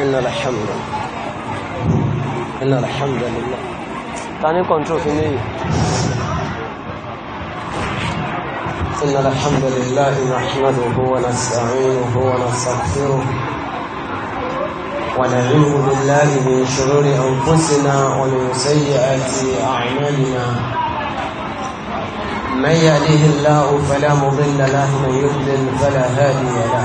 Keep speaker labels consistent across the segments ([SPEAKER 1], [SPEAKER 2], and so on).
[SPEAKER 1] إن الحمد إن الحمد لله تاني كنترول في مي إن
[SPEAKER 2] الحمد لله نحمده ونستعينه ونستغفره ونعوذ بالله من شرور أنفسنا ومن سيئات أعمالنا من يهده الله فلا
[SPEAKER 1] مضل له من يضلل فلا هادي له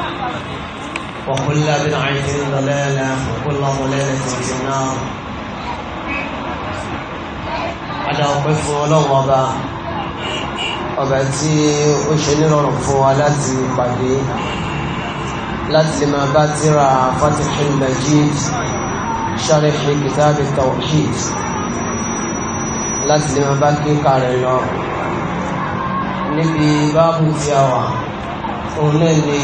[SPEAKER 1] وكل بدعة ضلالة وكل ضلالة في النار ada ọpẹ́ fún ọlọ́run ọba ọba tí ó ṣe nírọ̀rùn fún wa láti pàdé láti lè máa bá tíra fatihul majid sharh kitab tawhid láti máa bá kíkà rẹ̀ lọ níbi báàbù tí a wà òun náà ni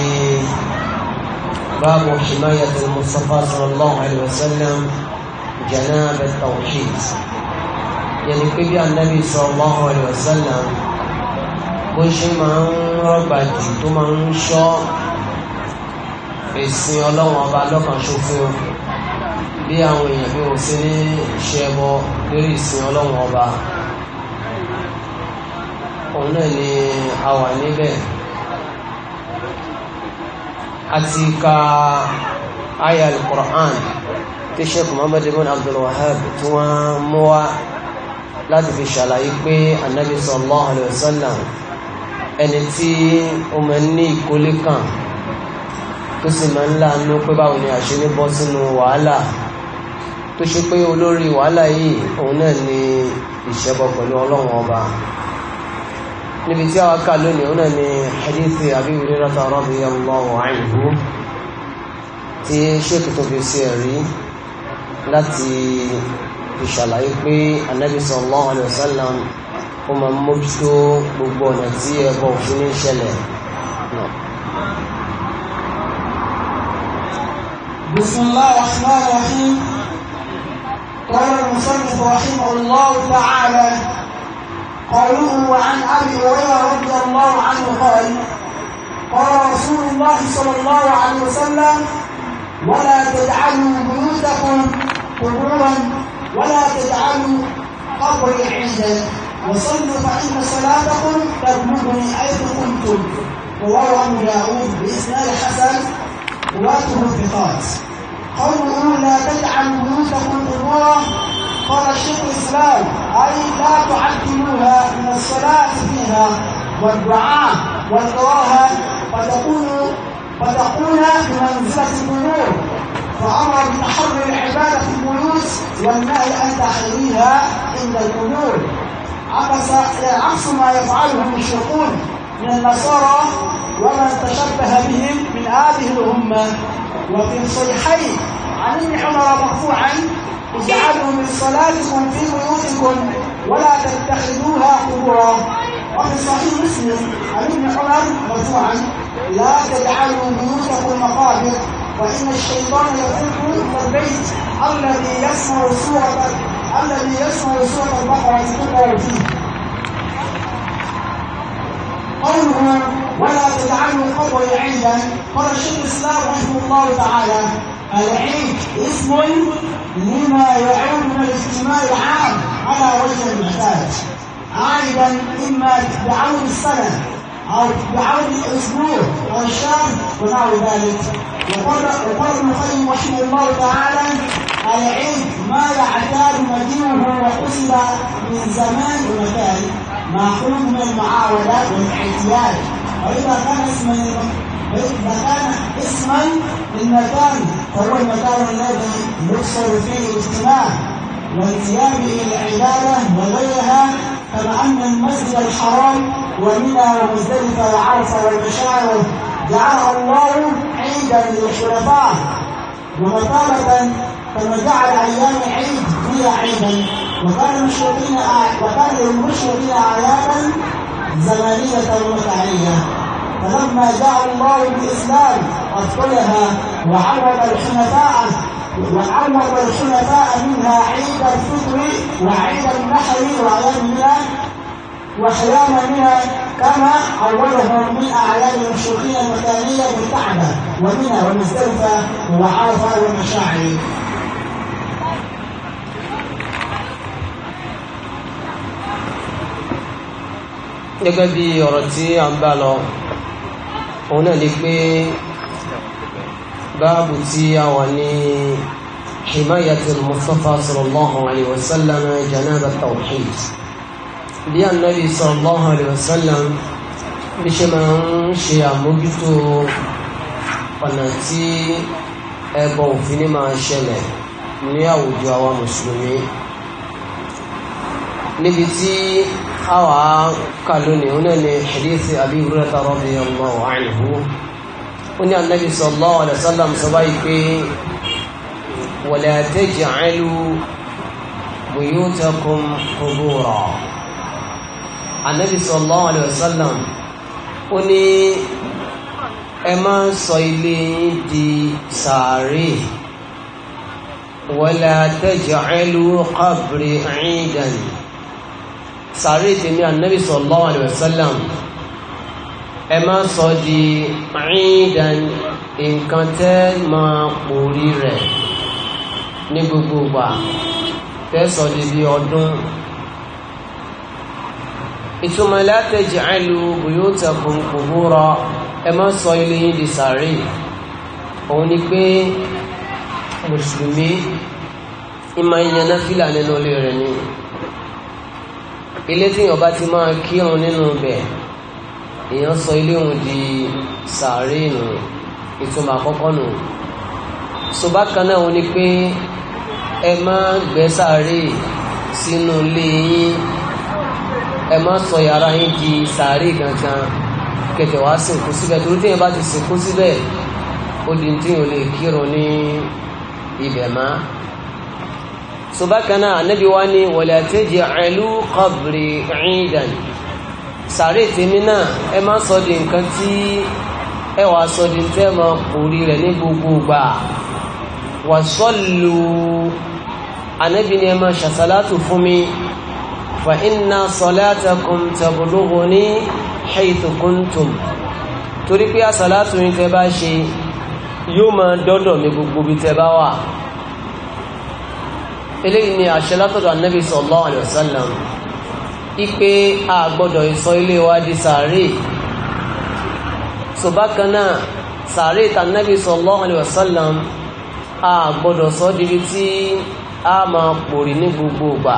[SPEAKER 1] باب حماية المصطفى صلى الله عليه وسلم جناب التوحيد يعني كيف النبي صلى الله عليه وسلم وشي ما رباتي تما شو ìsìn ọlọ́run ọba lọ́kàn ṣoṣo bí àwọn èèyàn bí wọ́n ṣe ní ṣẹbọ
[SPEAKER 2] lórí ìsìn ọlọ́run ọba òun náà ni a wà níbẹ̀ àti ka
[SPEAKER 1] aya al-Qur'an tí sheikh muhammad ibn abdul wahab tí wọ́n mú wá láti fi ṣàlàyé pé anabi sallallahu alayhi wa sallam ẹni tí ó máa ń ní ìkólé kan tó sì máa ń láàánú pé báwo ni àṣírí bọ́ sínú wàhálà tó ṣe pé olórí wàhálà yìí òun náà ni ìṣẹ́bọ pẹ̀lú ọlọ́run ọba níbi tí a wá ká lónìí ọ̀nà ni hadithi Abi Hurairah radiyallahu anhu tí ṣéèkì tó fi sí ẹ̀rí láti ìṣàlàyé pé Ànábì sallallahu alaihi wasallam ó
[SPEAKER 3] بسم الله الرحمن الرحيم قال المصنف رحمه الله تعالى قوله عن ابي هريره رضي الله عنه قال قال رسول الله صلى الله عليه وسلم ولا تجعلوا بيوتكم قبورا ولا تجعلوا قبري عندك وصلوا فان صلاتكم تبلغني حيث كنتم رواه ابو داود باسناد حسن رواته الثقات قوله لا تجعلوا بيوتكم قبورا قال شيخ الاسلام اي لا تعدلوها من الصلاه فيها والدعاء والقراءه فتكون فتكون بمنزله القلوب فامر بتحرر العباده في والنهي ان تحريها عند القلوب عكس عكس ما يفعله المشركون من النصارى ومن تشبه بهم من هذه الامه وفي الصحيحين عن ابن عمر مرفوعا اجعلوا من صلاتكم في بيوتكم ولا تتخذوها قبورا وفي صحيح مسلم عن ابن عمر مرفوعا لا تجعلوا بيوتكم مقابر وان الشيطان يقول البيت الذي يسمع سوره الذي يسمع سوره البقره تقرا فيه قوله ولا تجعلوا القبر عيدا قال الشيخ الاسلام رحمه الله تعالى العيد اسم لما يعود من الاجتماع العام على وجه المعتاد عائدا اما بعود السنه او بعود الاسبوع او الشهر ونحو ذلك وقال ابن القيم رحمه الله تعالى العيد ما يعتاد مدينه وقصد من زمان ومكان معقول من المعاوده والاحتياج واذا كان اسما إذا كان اسما للمكان فهو المكان الذي يقصر فيه الاجتماع وانتيابه للعبادة وغيرها كما أن المسجد الحرام ومنى ومزدلفة وعرفة والمشاعر جعلها الله عيدا للخلفاء ومثابة كما جعل أيام عيد هي عيدا وكان المشركين وكان للمشركين أعيادا زمنية ومتعية لما جاء الله بالإسلام أدخلها وعوض الحنفاء وعوض الحنفاء منها عيد الفطر وعيد النحر وأيامها وأحيانا منها كما عوضهم من أعلام الشرقية المكانية بالكعبة ومنى ومزدلفة
[SPEAKER 2] وعرفة ومشاعر gẹ́gẹ́ bí ọ̀rọ̀
[SPEAKER 1] tí a ń bá lọ òun náà ni pé báàbù tí a wà ní himayatul Mustafa sallallahu alayhi wa sallam janaba tawhid bí anabi sallallahu alayhi wa sallam bí ṣe máa ń ṣe àmójútó ọ̀nà tí ẹbọ òfin ní máa ṣẹlẹ̀ ní àwùjọ àwa mùsùlùmí níbi tí awa kaloni ona ni hadithi abi hurairah radiyallahu anhu oni annabi sallallahu alaihi wasallam sabai pe wala taj'alu buyutakum qubura annabi sallallahu alaihi wasallam oni ẹ má sọ ilé di sàárè wala taj'alu qabri 'idan sàárè tèmi ànábì sallallahu alaihi wasallam ẹ má sọ di ìdàn nǹkan tẹ́ máa pòrí rẹ̀ ní gbogbo ìgbà tẹ́ sọ di bí ọdún ìtumọ̀ la taj'alu buyutakum qubura ẹ má sọ ilé yín di sàárè òun ni pé mùsùlùmí ìmọ̀ ìyànnáfílà nínú ilé rẹ̀ nìyí ilé tí èèyàn bá ti máa kírun nínú bẹ̀ èèyàn sọ ilé òun di sàárè nù ìtumọ̀ àkọ́kọ́ nù ṣùgbọ́n kan náà wọ́n ní pé ẹ má gbẹ́ sàárè sínú ilé yín ẹ má sọ yàrá yín di sàárè gangan kẹtẹ wàá sìnkú síbẹ̀ torí tí èèyàn ti sìnkú síbẹ̀ ó di tí èèyàn lè kírun ní ibẹ̀ máa subakana anabi wa ni wala taj'alu qabri 'idan sàárè tèmi náà ẹ má sọ di nǹkan tí ẹ wàá sọ di tẹ́ máa kórì rẹ̀ ní gbogbo gbà wà sọ́lù anabi ni ẹ máa ṣàṣàlátù fún mi fa inna salatakum tablughuni haythu kuntum torí pé àṣàlátù yìí tẹ́ bá ṣe yóò máa dọ́dọ̀ mi gbogbo bí tẹ́ bá wà eléyìí ni àṣẹ látọ̀dọ̀ anábì sallallahu alaihi wasallam ipe a gbọ́dọ̀ ìsọ ilé wa di sàárè so bákan náà sàárè tànábì sallallahu alaihi wasallam a gbọ́dọ̀ sọ dibi tí a máa pòrì ní gbogbo ìgbà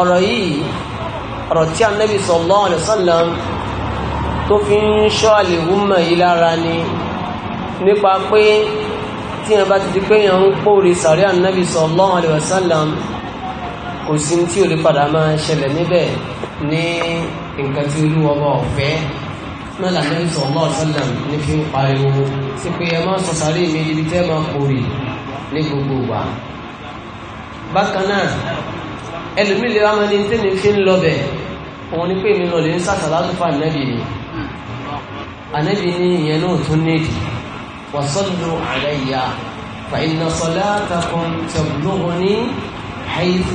[SPEAKER 1] ọ̀rọ̀ yìí ọ̀rọ̀ tí anábì sallallahu alaihi tó fi ń ṣọ́ àlèwúmọ̀ yìí lára ni nípa pé tí yẹn bá ti di pé yẹn ń pòrè sàrí ànábì sallallahu alaihi wasallam kò sí tí ò lè padà máa ṣẹlẹ̀ níbẹ̀ ní nǹkan tí olúwa bá ọ̀fẹ́ náà lànàbì sallallahu alaihi wasallam ní fi ń pariwo sí pé ẹ má sọ sàrí mi ibi tẹ́ máa pòrè ní gbogbo wa. bákan náà ẹlòmíì lè máa ní tí mi fi ń lọ òun ni pé mi lọ lè ń sàṣà látúfà ànábì ànábì ni ìyẹn náà tún nídìí وصلوا علي فإن صلاتكم تبلغني حيث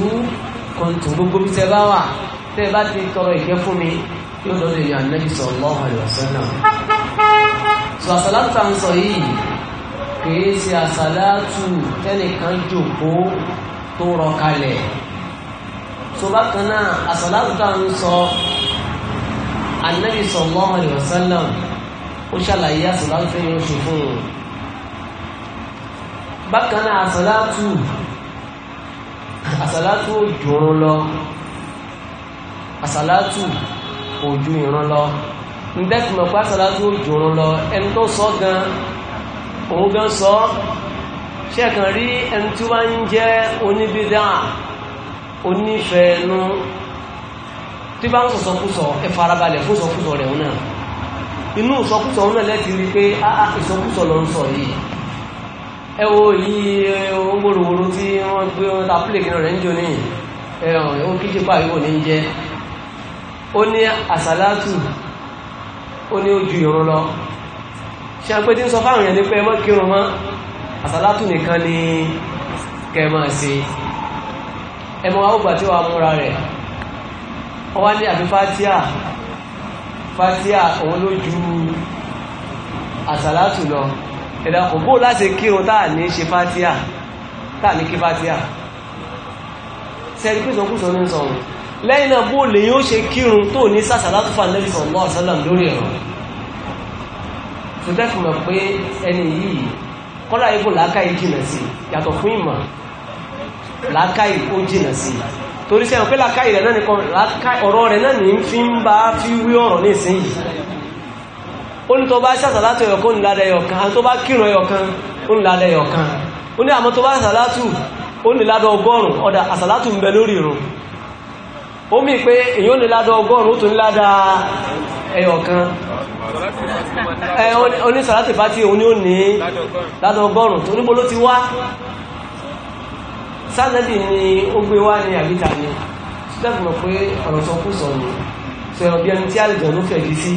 [SPEAKER 1] كنت gbogbo bí tẹ bá wà tẹ bá ti tọrọ ìkẹ́ fún mi yóò lọ́dọ̀ ìyá nẹ́bí sallallahu alaihi wasallam sọ àsàlátù à ń sọ yìí kìí ṣe àsàlátù tẹ́nìkan jókòó tó rọ kalẹ̀ sọ bákan náà àsàlátù à ń sọ anẹ́bí sallallahu alaihi wasallam ó ṣàlàyé àsọ̀láàtù tí yóò ṣe fún un bákan náà àsọ̀láàtù àsọ̀láàtù òjò ń lọ àsọ̀láàtù
[SPEAKER 2] òjò ìran lọ
[SPEAKER 1] ǹdẹ́tì mọ̀ pé àsọ̀láàtù òjò ń lọ ẹni tó sọ gan òun gan sọ ṣẹ́ẹ̀kan rí ẹni tí wọ́n ń jẹ́ oníbídà onífẹ̀ẹ́nu tí bá ń sọ̀sọ̀kúsọ̀ ẹ farabalẹ̀ fún sọ̀kúsọ̀ rẹ̀ náà inú ìsọkúsọ náà lẹ́ti rí pé áá ah, ah, ìsọkúsọ lọ ń sọ yìí ẹ wo yìí wóróworó tí wọ́n gbé wọn ta plé kìnnà rẹ̀ ń jò ní ẹ̀hàn ó kíjì pa ìwò ní jẹ́ ó ní àsàlátù ó ní ojú ìrún lọ ṣe pé tí ń sọ fáwọn èèyàn ní pé ẹ mọ́ kírun mọ́ àsàlátù nìkan ni kẹ́ máa ṣe ẹ mọ́ tí wọ́n wá fatia òun ló ju àsàlátù lọ ẹ̀dà kò bó láti kírun táà ní ṣe fatia táà ní kí fatia sẹ́rí pé sọkúsọ ní sọ̀rọ̀ lẹ́yìn náà bó lè yóò ṣe kírun tó ní sàsàlátù fà lẹ́bí sọ̀rọ̀ ọ̀sálàm lórí ẹ̀rọ sọdẹ́kùn mọ̀ pé ẹni yìí kọ́lá ibo làákàyè jìnà sí yàtọ̀ fún ìmọ̀ làákàyè ó jìnà sí torí sẹ́yàn pé làkàì rẹ̀ náà nìkan ọ̀rọ̀ rẹ̀ náà ní fi ń bá fi wí ọ̀rọ̀ ní ìsìn yìí ó ní tó bá ṣàṣàlátù ẹ̀yọ̀kan ó ní ládá ẹ̀yọ̀kan tó bá kírun ẹ̀yọ̀kan ó ní ládá ẹ̀yọ̀kan ó ní àmọ́ tó bá ṣàṣàlátù ó ní ládá ọgọ́rùn ọ̀dà àṣàlátù ń bẹ lórí irun ó mì pé èyí ó ní ọgọ́rùn ó tún ní ẹ̀yọ̀kan ẹ̀ oní ṣàlátù bá ti òun ní ó ní ládá ọgọ́rùn tó níbo ló ti wá sánẹ́bì ni ó gbé wá ní àbíta ni sílẹ̀kùn mọ̀ pé ọ̀rọ̀ sọ kú sọ ni sọ̀rọ̀ bí ẹni tí àlejò ló fẹ̀dí sí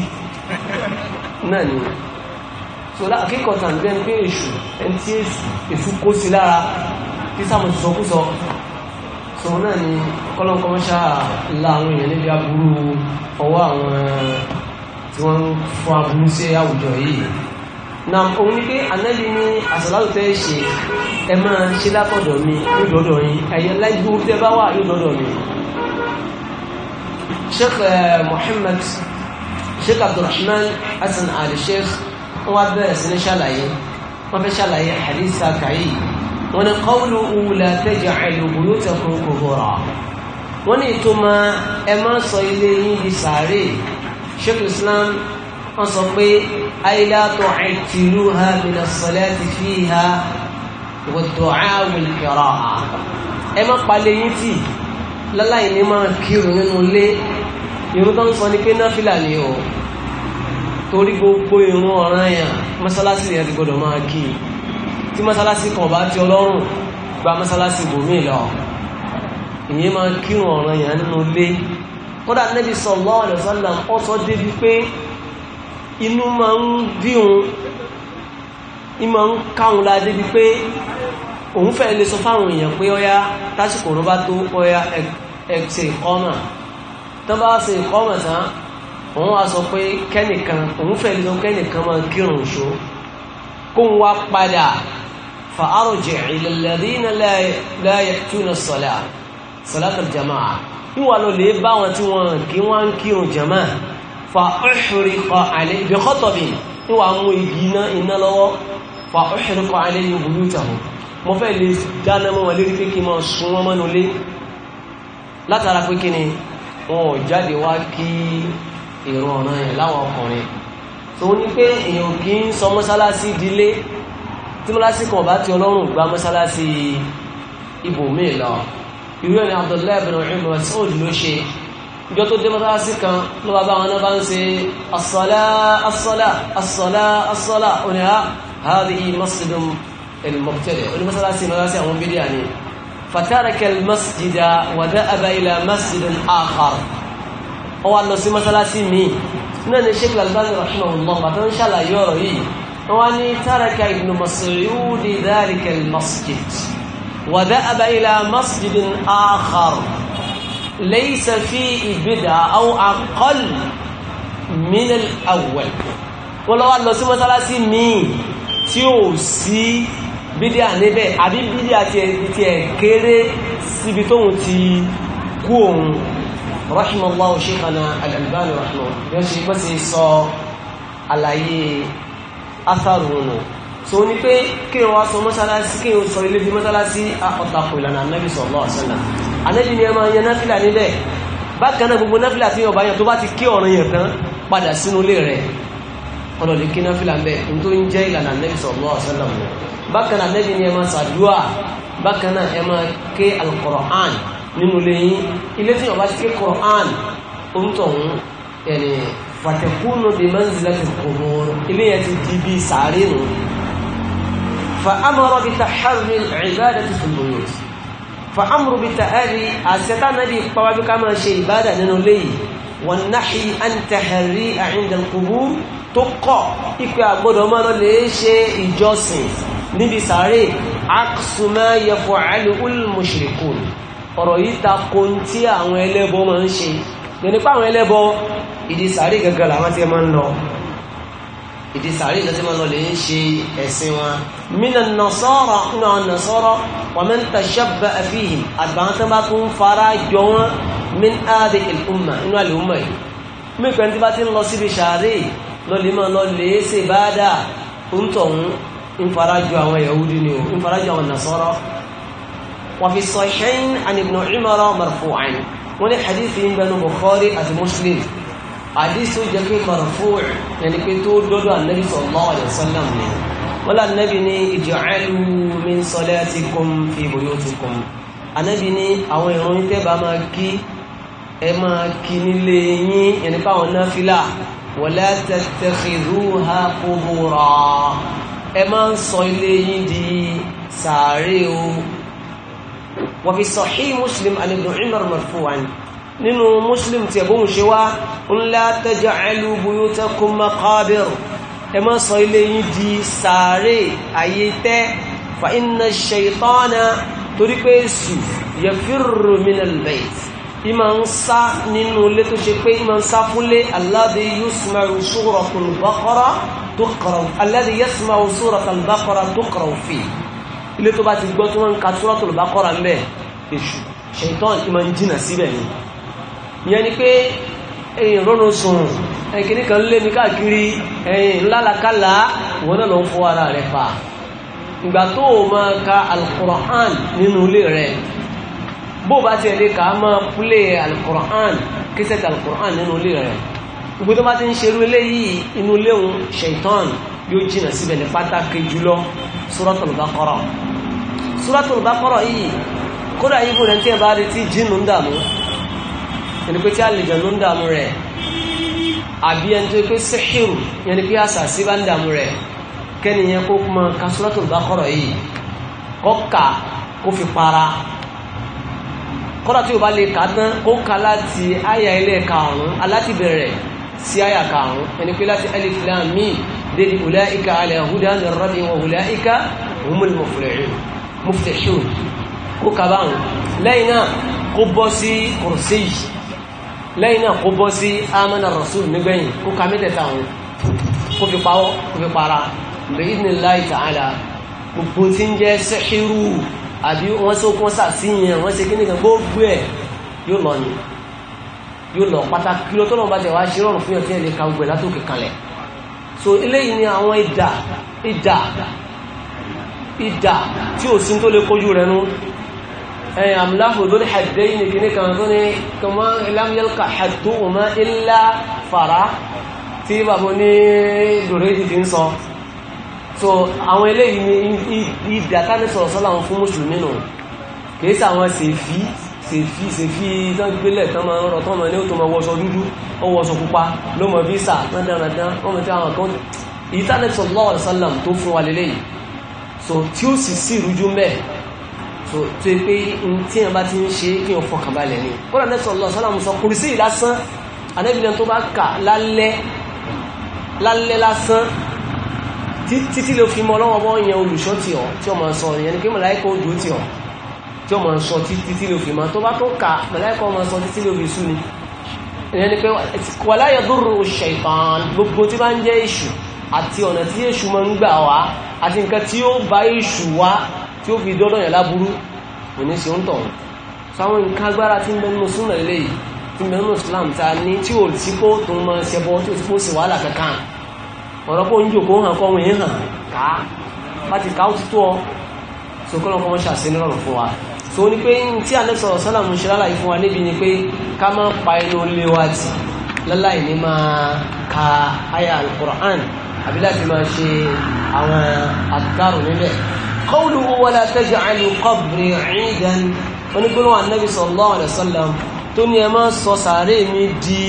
[SPEAKER 1] náà ni so akẹ́kọ̀ọ́ tàbí ẹni pé èṣù ẹni tí èṣù kó sí lára tí sàmọ̀ sọ kú sọ so náà ni kọ́lọ́nkọ́ mọ́ṣá la àwọn èèyàn níbi aburú ọwọ́ àwọn tí wọ́n ń fún aburú sí àwùjọ yìí na òun ni pé ànábì ní àsàlátù tẹ́ ṣe ẹ máa ṣe látọ̀dọ̀ mi yóò dọ́dọ̀ yín ẹ̀yẹ láìpẹ́ orí tẹ́ bá wà yóò dọ́dọ̀ mi. sheikh eh, muhammad sheikh abdulrahman hasan ali sheikh wọn wá bẹ̀rẹ̀ sí ní ṣàlàyé wọn fẹ́ ṣàlàyé hadith kàyí wọn ni qawlu la taj'alu buyutakum qubura wọn ni ìtumọ̀ ẹ máa sọ ilé yín di sàárè sheikh islam wọ́n sọ pé ayélujára àìtìlú ha bìnà sọ̀lẹ́ ti fi ha wòtò àwìn kẹrọ ẹ má palẹ̀ yín tì láláì ní máa kírun nínú ilé irun tó ń sọ ni pé náfìlà ni o torí gbogbo irun ọ̀ràn yẹn mọ́sálásí yẹn ti gbọ́dọ̀ máa kí tí mọ́sálásí kan bá ti ọlọ́run gba mọ́sálásí bòmí lọ ìyẹn máa kírun ọ̀ràn yẹn nínú ilé kódà Nábì sallallahu alaihi wasallam ó débi pé inú máa ń bí òun ìmọ̀ ń káwọn la débi pé òun fẹ́ lè sọ fáwọn èèyàn pé ọya tásìkò òun bá tó ọya ẹ̀ṣẹ̀ ìkọ́mà tó bá ṣe ìkọ́mà tán òun wá sọ pé kẹ́nìkan òun fẹ́ lè sọ kẹ́nìkan máa kírun ṣó kó ń wá padà fa arji' ila alladhina la ya'tuna as-salata salatal jama'a ìwà lọ lè bá wọn tí wọn kí wọn ń kírun jama'a fa ọ̀ṣùrìkọ àlẹ́ ibi kọ́tọ̀ bí ní wà mú igi iná iná lọ́wọ́ fa ọ̀ṣùrìkọ àlẹ́ ní ìbúrú ìtàwó mo fẹ́ lè dáná mọ́ wọn lérí pé kí n máa sun wọn mọ́nu lé látara pé kí ni wọn ò jáde wá kí lọ ìwé ni Abdullahi bin Umar Mas'ud ló ṣe جوتو دمراسي كا لبابا انا بانسي الصلاة الصلاة الصلاة الصلاة ونها هذه مسجد المبتدع ونها مثلا سي مراسي هم بدياني فترك المسجد وذهب الى مسجد اخر هو الله سي مثلا سي مي نحن الشيخ الألباني رحمه الله بعد إن شاء الله يروي واني ترك ابن مسعود ذلك المسجد وذهب إلى مسجد آخر ليس فيه بدعة أو أقل من الأول wọ́n lọ́wọ́ lọ sí mọ́sálásí míì tí ó sí bídíà níbẹ̀ àbí bídíà ti ẹ̀ kéré síbi tóhun ti kú òun rahimallahu shaykhana al-Albani rahimallahu yóò ṣe mọ́sí sọ àlàyé atharunu so ni pe kí wọ́n sọ mọ́sálásí kí wọ́n sọ ilé bí mọ́sálásí ọ̀tàkù ìlànà anábì sallallahu alaihi wasallam anábì ni ẹ máa yan náfìlà níbẹ̀ bákan náà gbogbo náfìlà tí ọba yẹn tó bá ti kí ọ̀ràn yẹn tán padà sínú ilé rẹ̀ ọ̀nà lè kí náfìlà ń bẹ̀ ní tó ń jẹ́ ìlànà anábì sallallahu alaihi wasallam bákan náà anábì ni ẹ máa ṣàdúà bákan al-Qur'an nínú ilé yín ilé Qur'an ó ni fatakunu bi manzilati al-qubur ilé yẹn فأمر بتحري العبادة في البيوت فأمر بتأري أستطاع النبي طوابق كما شيء عبادة ننولي والنحي أن تحري عند القبور تقى إكو أقول ما شيء إجوسين نبي ساري عكس ما يفعله المشركون ọ̀rọ̀ yìí ta ko tí àwọn ẹlẹ́bọ máa ń ṣe lónìí pa àwọn ẹlẹ́bọ ìdí sàárè gẹ́gẹ́ ìdí sàárì ìlọ́tí mọ́ lọ́lẹ̀ ń ṣe ẹ̀sìn wọn mínà nàṣọ́rọ̀ náà nàṣọ́rọ̀ wọ́n mẹ́ ń tàṣàbà àfihì àgbàǹtán bá tún fara jọ wọn min áàdì ìlúmà inú àlùmà yìí mẹ́fẹ́ tí bá ti ń lọ síbi sàárì lọ́lẹ̀ mọ́ lọ́lẹ̀ ṣe bá dà ń tọ̀hún ń fara jọ àwọn yahudi ni o ń fara jọ àwọn nàṣọ́rọ̀ wọ́n fi sọ ṣẹ́yìn àni ibn Umar marfu'an wọ́n ní hadith tó jẹ́ pé marfu' yẹni pé tó dọ́dọ̀ annabi sallallahu alaihi wasallam ni wọ́n lá annabi ní ij'alu min salatikum fi buyutikum annabi ní àwọn ìrun tẹ́ bá máa kí ẹ máa kí nílé yín yẹni pé àwọn náfìlà wala tattakhiduha qubura ẹ máa ń sọ ilé yín di sàárè o wa fi sahih muslim an ibn umar marfu'an nínú muslim tí ẹ̀bùn ṣe wá ńlá taj'alu buyutakum maqabir ẹ má sọ ilé yín di sàárè ayé tẹ́ fa inna ash-shaytana torí pé èsù yafirru minal bayt ìmà ń sá nínú ilé tó ṣe pé ìmà ń sá fúnlé alladhi yusma'u suratul baqara tuqra alladhi yasma'u suratul bá ti gbọ́ tó ń ka suratul baqara ń bẹ̀ èsù ṣètọ́n ìmà ń jìnà síbẹ̀ ni ìyẹn ni pé ẹ̀yìn rọrùn sùn ẹ̀kìní kan lé mi káàkiri ẹ̀yìn ńlálàkálà wọn náà lọ ń fọ ara rẹ̀ fà ìgbà tó o máa ka alukur'an nínú ilé rẹ̀ bó o bá tiẹ̀ lè kà á máa pílé alukur'an kíṣẹ́tì alukur'an nínú ilé rẹ̀ gbogbo tó bá ti ń ṣerú eléyìí inú ilé òun ṣèitán yóò jìnà síbẹ̀ ní pátákì jùlọ Suratul Baqara Suratul Baqara yìí kódà yìí bò lẹ́ntì ẹ̀ bá retí jìnnú ń yẹni pé tí àlejò ló ń dààmú rẹ̀ àbí ẹni tó pé sẹ́hìrù yẹni pé àṣàṣì bá ń dààmú rẹ̀ kẹ́niyẹn kó kuma kasúrọ́tò bá kọ̀rọ̀ yìí kọ́ka kó fi para kọ́ra tí o bá lè kà tán kó ka láti àyà ilé karùn-ún aláti bẹ̀rẹ̀ sí àyà karùn-ún yẹni pé láti alif lam mim dédi ulaika ala hudan min rabbihim wa ulaika humul muflihun muflihun kó kaba àwọn lẹ́yìn náà kó bọ́ sí kùrùsí yìí lẹ́yìn náà kó bọ́ sí amana rasul nígbẹ̀yìn kó ka mẹ́tẹ̀ẹ̀ta àwọn kó fi pawọ́ kó fi para bi'idhnillahi ta'ala gbogbo tí ń jẹ́ sẹ́hírù àbí wọ́n sí okun sàṣìyàn wọ́n sí kíníkan gbogbo ẹ̀ yóò lọ ni yóò lọ pàtàkì lọ tọ́lọ́mù tẹ̀ wá ṣe rọrùn fún yàn tí ẹ̀ lè ka gbogbo látòkè kalẹ̀ so eléyìí ni àwọn ìdà ìdà ìdà tí ò sí tó lè kojú rẹ̀ nú ẹ̀yìn àmìláhù lórí hàdẹ́yìn kìíní kan tó ní kọmọ ìlàmìyàlùkà hàdó ọmọ ilá fara tí bàbá ní dòrèdì fi ń sọ so àwọn eléyìí ni ìdàtà ní sọ̀rọ̀ sọ́lá wọn fún mùsùlùmí nù kìí sí àwọn sèfí sèfí sèfí tán gbélẹ̀ tán máa ń rọ tán máa ní ó tó máa wọṣọ dúdú ó wọṣọ pupa ló mọ fíìsà tán dáradára wọn mọ tí àwọn kan ìtànẹ́sọ̀lọ́wọ̀ sálàm tó fún wa lélẹ́yìí so tí ó sì sí ìrújú mẹ́ẹ̀ so tó pé ohun tí wọn bá ti ń ṣe kí wọn fọkàn balẹ̀ ni kọ́lá ní sọ lọ sọ́lá musa kùrìsì yìí lásán anábìnrin tó bá kà lálẹ́ lálẹ́ lásán títí ló fi mọ ọlọ́wọ́ bọ́ yẹn olùṣọ́ tì ọ́ tí ọmọ sọ yẹn ni pé màláìkà odò tì ọ́ tí ọmọ sọ títí ló fi mọ tó bá tó kà màláìkà ọmọ sọ títí ló fi sú ni ìyẹn ni pé wà láyọ̀ dúró ṣẹ̀tàn gbogbo tí bá ń jẹ́ èṣù àti ọ̀nà tí èṣù máa ń gbà wá àti nǹkan tí ó bá èṣù wá tí ó fi dọ́dọ̀ yẹn láburú kò ní sí ń tọ̀ sáwọn nǹkan agbára tí ń bẹ nínú súnà ilé yìí tí ń bẹ nínú Islam ta ní tí ò sí kó tó ń máa ṣẹbọ tí ò sí kó sì wàhálà kankan ọ̀rọ̀ kó ń jòkó hàn kọ́ wọn yẹn hàn ká bá ti ká ó ti tó ọ sọkọ́ lọ́kọ́ wọn ṣàṣẹ lọ́rọ̀ fún wa tó ní pé tí alẹ́sọ̀rọ̀ sálàmù ṣe láláì fún wa níbi ni pé ká má pa inú ilé wa tì láláì ní máa ka aya al-Qur'an àbí láti máa ṣe àwọn àtàrò nílẹ̀ قوله ولا تجعلوا قبري عيدا onígbóná wa nabi sallallahu alayhi wa sallam tó ní ẹ máa sọ sàárè mi di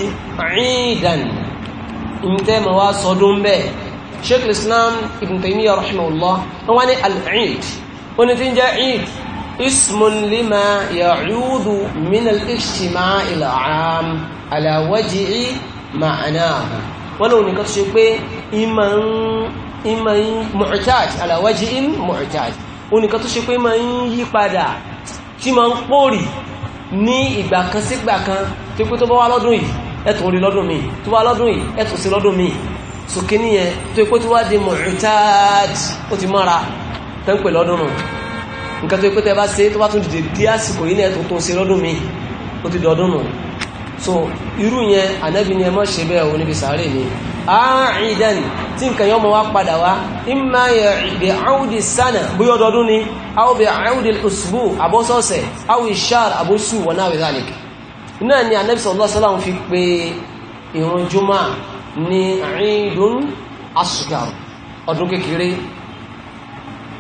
[SPEAKER 1] ìdàn ǹtẹ́ ma wá sọdún bẹ́ẹ̀ sheikh islam ibn taymiyyah rahimahullah wọ́n wá ní al-eid wọ́n ní tí ń jẹ́ eid ismun lima ya'udu min al-ijtima' al-'am ala wajhi ma'anahu wọ́n lóun nìkan tó ṣe pé ìmọ̀ ń ìmọ̀ yí mọ̀ọ̀táàjì aláwájí in mọ̀ọ̀táàjì oníkan tó ṣe pé ma ń yí padà tí ma ń pòrì ní ìgbà kan sígbà kan tó pé tó bá wá lọ́dún yìí ẹ̀tùn orí lọ́dún mi tó wá lọ́dún yìí ẹ̀tùn sí lọ́dún mi sókè níyẹn tó pé tó wá di mọ̀ọ̀táàjì ó ti mọ́ra tó ń pè lọ́dún nù nǹkan tó pé tẹ bá mi ó ti so irú yẹn ànábì ni ẹ mọ́ ṣe bẹ́ẹ̀ oníbi sàárè ni àìdán tí nǹkan yọ́ mọ́ wá padà wá imma yẹ ìbẹ̀ áwùdí sánà bóyọ́ ọdọọdún ni áwùbẹ̀ áwùdí òṣùgbò àbọ́sọ̀ọ̀sẹ̀ áwùdí sáàr àbóṣù wọ náà wẹ̀zálìkì náà ni Ànábì sallallahu alaihi wasallam fi pé ìrun jùmọ̀ ní ìdún asùgàrù ọdún kékeré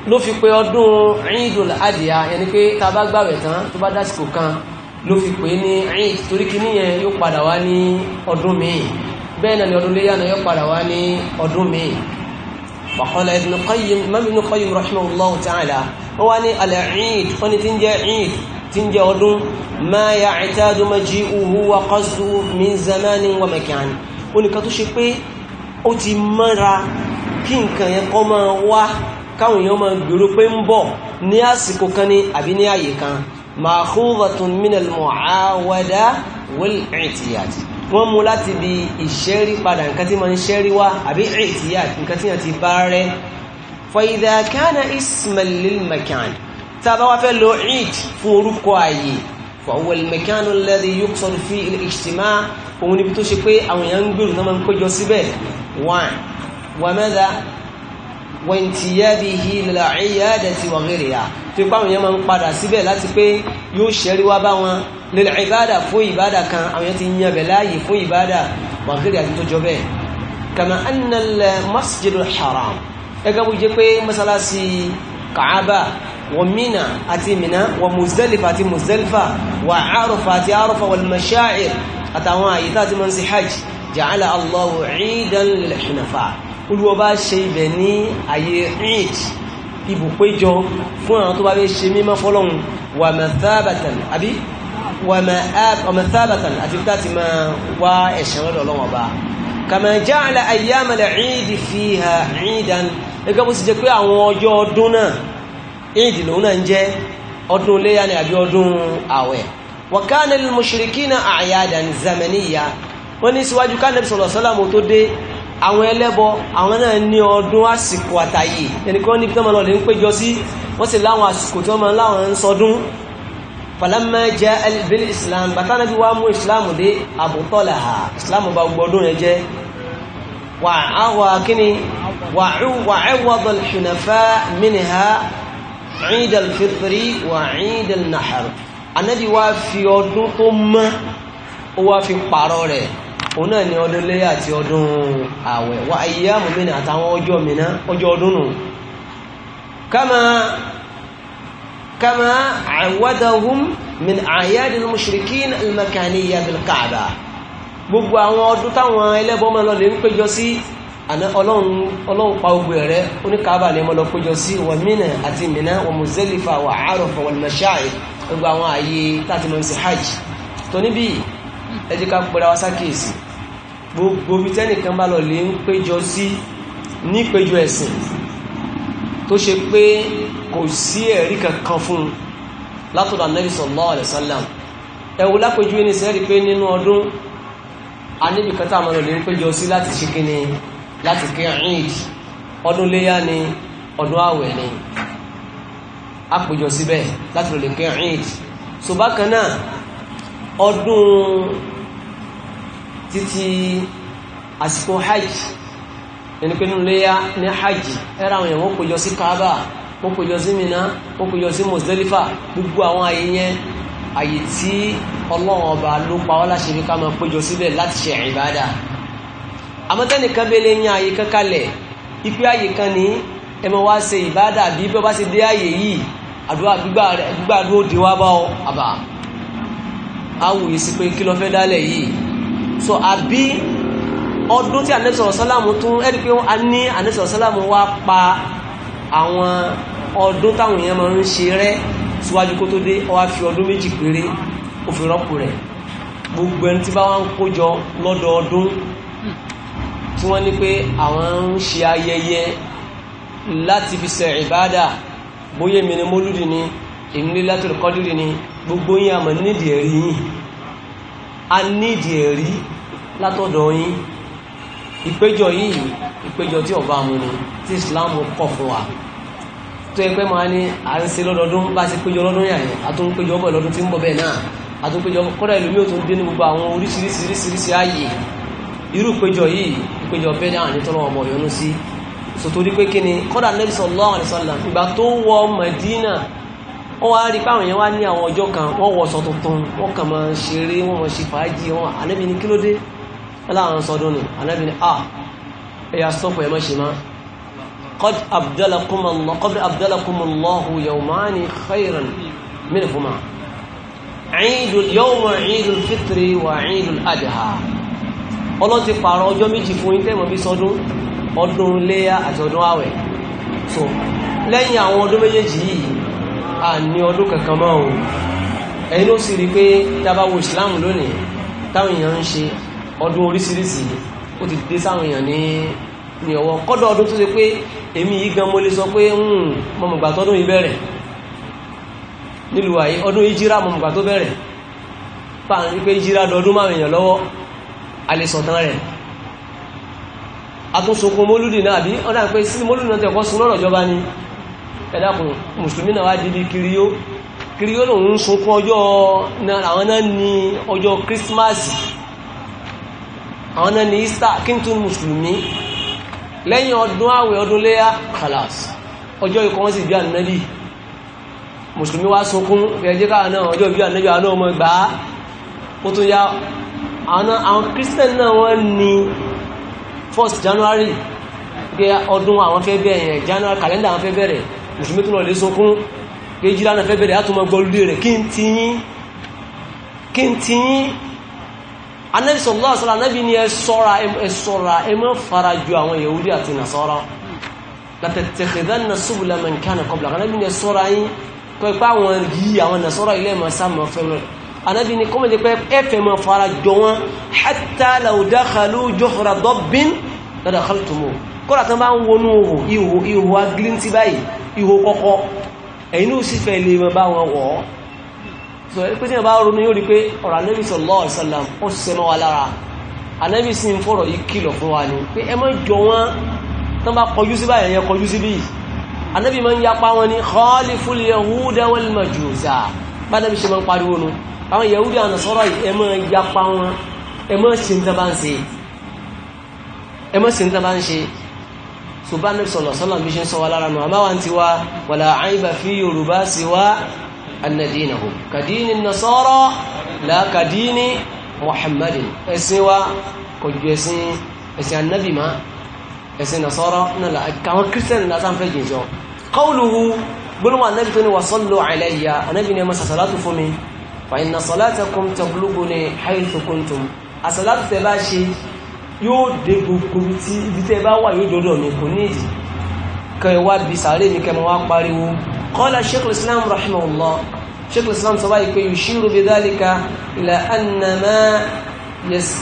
[SPEAKER 1] ló fi pé ọdún ìdún adìyà yẹni pé ta bá gbàwẹ̀ tán tó bá dásìkò kan ló fi pé ní ìd torí kí níyẹn yóò padà wá ní ọdún míì bẹ́ẹ̀ náà ni ọdún léyà náà yóò padà wá ní ọdún míì wàhálà Ibn Qayyim Imam Ibn Qayyim rahimahullahu ta'ala wọ́n wá ní al-Eid wọ́n ni tí ń jẹ́ Eid tí ń jẹ́ ọdún ma ya'tadu maji'uhu wa qasduhu min zamanin wa makan ó nìkan tó ṣe pé ó ti mọ́ra kí nǹkan yẹn kọ́ máa wá káwọn èèyàn máa gbèrò pé ń bọ̀ ní àsìkò kan ní àbí ní àyè kan ma'khudhatun min al-mu'awada wọ́n mú láti bí ìṣẹ́rí padà nǹkan tí ma ń ṣẹ́rí wá àbí ìtìyà nǹkan tí yàn ti bá rẹ̀ fọ̀ìdà kánà ismail mccann tàbá wá fẹ́ lo eid fún orúkọ ààyè fọ̀wọ̀l mccann lẹ́dí yóò sọ fi ìṣtìmá òun níbi tó ṣe pé àwọn èèyàn náà máa ń péjọ síbẹ̀ wọ́n lẹ́lẹ̀ ìbádà fún ìbádà kan àwọn yẹn ti yan bẹ̀ láàyè fún ìbádà wàgírí àti tó jọ bẹ́ẹ̀ kàmà annalẹ̀ masjidul haram ẹgbẹ́ bó jẹ́ pé masalasi kàábà wa mina àti mina wa muzdalifa àti muzdalifa wa arufa àti arufa wal mashaa'ir àtàwọn àyíká àti mọ́nsí hajj ja'ala allahu idan lil hunafa olúwa bá ṣe ibẹ̀ ní àyè eid ibùpéjọ fún àwọn tó bá fẹ́ ṣe mímọ́ fọ́lọ́hun wà mathabatan àbí wàmẹ̀ thabatan àti bí táti máa wá ẹ̀ṣẹ̀ lọ́dọ̀ ọlọ́wọ́ bá kàmẹ̀ ja'ala ayyamal 'eid fiha 'eidan gẹ́gẹ́ bó ti jẹ́ pé àwọn ọjọ́ ọdún náà ìdì lòun náà ń jẹ́ ọdún léyà ni àbí ọdún àwẹ̀ wa kana lil mushrikina a'yadan zamaniyya wọ́n ní síwájú kánẹ́bí ní ọdún àsìkò falamma jẹ́ bil islam bàtà náà bí wá mú islam dé Abu Talha islam bá gbọdún rẹ jẹ́ wà áwà kíni wà áwàdọ̀ hunafa minha eid al-fitri wà eid al-nahar anábi wá fi ọdún tó mọ́ ó wá fi pààrọ̀ rẹ̀ òun ni ọdún lé àti ọdún àwẹ̀ wà ayyamu mina àtàwọn ọjọ́ mina ọjọ́ ọdún nù kama كما عودهم من àyádìí المشركين al-makaniyya bil Kaaba gbogbo àwọn ọdún táwọn ẹlẹ́bọ máa lọ lè ń péjọ sí ọlọ́run pa ogun ẹ̀rẹ́ oníkàábà lè mọ́ lọ péjọ sí wọ mínà àti mínà wọ mùzẹ́lifà wà Àrafa wal Masha'ir gbogbo àwọn ààyè láti mọ́ sí hajj tó níbi ẹ pẹ̀lú àwọn sákèsì gbogbo bí tẹ́nìkan bá lọ lè ń péjọ sí ní péjọ ẹ̀sìn tó ṣe pé kò sí ẹ̀rí kankan fún un látọ̀dọ̀ anabi sallallahu alaihi wasallam ẹ̀wù lápẹjúwe ní sẹ́rí pé nínú ọdún anábì kan táwọn ọmọdé ń péjọ sí láti ṣe kí ni láti kí Eid ọdún léyà ni ọdún àwẹ̀ ni a péjọ síbẹ̀ láti lè kí Eid so bákan náà ọdún títí àsìkò hajj ẹni pé nínú léyà ní hajj ẹ̀rọ àwọn èèyàn wọ́n kò yọ sí kaaba wọ́n kò yọ sí mina wọ́n kò yọ sí Muzdalifa gbogbo àwọn àyè yẹn àyè tí ọlọ́run ọba ló pa ọ́ láṣẹ fi ká máa péjọ síbẹ̀ láti ṣe ìbádà àmọ́tẹ́nìkan bẹ́lẹ̀ yan àyè kankalẹ̀ ipe àyè kan ní ẹ máa wá ṣe ìbádà bí bí wọ́n bá ṣe dé àyè yìí àdúrà gbígbà dúró dé wá bá ọ àbá awòye sí pé kí ló fẹ́ dálẹ̀ yìí so àbí ọdún tí anẹ́sọ̀rọ̀ sálàmù tún ẹ́rì pé a ní anẹ́sọ̀rọ̀ wá pa àwọn ọdún táwọn èèyàn máa ń ṣe rẹ́ síwájú kó tó dé ọwá fi ọdún méjì péré ó fi rọ́pò rẹ̀ gbogbo ẹni tí bá wá ń kójọ lọ́dọọdún tí wọ́n ní pé àwọn ń ṣe ayẹyẹ láti fi ṣe ìbádà bóyá èmi ni mólúdì ni èmi ni ni gbogbo yín àmọ́ nídìí ẹ̀rí yín a nídìí ẹ̀rí látọ̀dọ̀ yín ìpéjọ yìí ìpéjọ tí ọba mu ni tí Islam kọ fún wa tó yẹ pé máa ní à ń ṣe lọ́dọọdún bá ṣe péjọ lọ́dún yàn yẹn a tó ń péjọ bọ̀ lọ́dún tí ń bọ̀ bẹ́ẹ̀ náà a tó ń péjọ kọ́dà ìlúmí ò tó ń dé ní gbogbo àwọn oríṣiríṣiríṣi ààyè irú péjọ yìí péjọ bẹ́ẹ̀ náà ní tọ́lọ́ ọmọ yọnu sí sòtòrí pé kí ni kọ́dà Nabi sallallahu láàrín sọdún ni anábì ni ah ẹ̀yà sọ́pọ̀ ẹ̀mọ́ ṣe máa qad abdalakumullahu yawmani khayran minhuma yawma ìdùl fitri wa ìdùl adha ọlọ́n ti pààrọ̀ ọjọ́ méjì fún yín tẹ́mọ̀ bí sọdún ọdún léyà àti ọdún àwẹ̀ so lẹ́yìn àwọn ọdún méjèèjì yìí a ní ọdún kankan mọ́ ohun ẹ̀yìn ló ṣe ọdún oríṣiríṣi ó ti dé sáwọn èèyàn ní ní ọwọ́ kọ́dọ̀ ọdún tó ṣe pé èmi yìí gan mo lè sọ pé hmm, mọ̀mọ̀gbà tọdún yìí bẹ̀rẹ̀ nílùú àyè ọdún ìjírá mọ̀mọ̀gbà tó bẹ̀rẹ̀ pa n rí pé ìjírá dọdún máa èèyàn lọ́wọ́ alẹ́sọ̀tán rẹ̀ atúnṣokun mólúdì náà àbí ọdá pé sí mólúdì náà tẹ̀kọ́ sun lọ́rọ̀ ìjọba ni ẹ̀dàkùn mùsùlùmí náà wá di bí kiriyó kiriyó lòun sunkún ọjọ́ àwọn náà ní ọjọ́ kírísímásì àwọn náà ní easter kí n tún mùsùlùmí lẹ́yìn ọdún àwẹ̀ ọdún léyà kàlàs ọjọ́ ikọ̀ wọ́n sì bí ànábì mùsùlùmí wá sunkún fẹ́jẹ́ káà náà ọjọ́ bí ànábì àwọn ọmọ ìgbà ó tún ya àwọn christian náà wọ́n ní 1st january pé ọdún àwọn fẹ́ bẹ̀rẹ̀ january calendar àwọn fẹ́ bẹ̀rẹ̀ mùsùlùmí tún lọ lè sunkún pé jíra náà fẹ́ bẹ̀rẹ̀ látùmọ̀ gbọ́lúdé rẹ̀ kí n ti yín anabi sallallahu alaihi wasallam anabi ni ẹ ṣọ́ra ẹ ṣọ́ra ẹ má fara ju àwọn yahudi àti nasara latattakhidanna subula man kana qabla anabi ni ẹ ṣọ́ra yín pẹ́ pé àwọn yìí àwọn nasara ilé ma sá ma fẹ́rẹ̀ anabi ni kọ́mọ̀ jẹ́ pé ẹ fẹ́ ma fara jọ wọn hatta law dakhalu juhra dabbin la dakhaltumuh so ẹni pé tí wọ́n bá ronú yóò rí pé ọ̀rọ̀ anábì sallallahu alaihi wasallam ó ṣiṣẹ́ mọ́ wa lára anábì sì ń fọ̀rọ̀ yìí kìlọ̀ fún wa ni pé ẹ má jọ wọn tán bá kọjú sí báyìí kọjú sí bí anábì máa ń yapa wọn ni khaliful yahuda wal majusa bánábì ṣe máa ń pariwo nu àwọn yahudi àwọn nasọ́rọ̀ yìí ẹ máa yapa wọn ẹ má ṣe ń tábà ń so bánábì sallallahu alaihi wasallam anna dinahum kàdíní nasara la kàdíní muhammadin ẹ̀sìn wa kò ju ẹ̀sìn ẹ̀sìn annabi ma ẹ̀sìn nasara nílá káwọn kírísítẹ̀nì lásán fẹ́ jìn sọ qawluhu gbólúwà annabi tó ní wa sallu alayya annabi ní masa salatu fún mi fa inna salatakum tablughuni haythu kuntum asalatu tẹ bá ṣe yóò dé gbogbo ibi tẹ bá wà yóò dọdọ mi kò ní ìdí kẹ bi sàárè mi kẹ mọ pariwo قال شيخ الإسلام رحمه الله شيخ الإسلام صبايك يشير بذلك إلى أن ما يس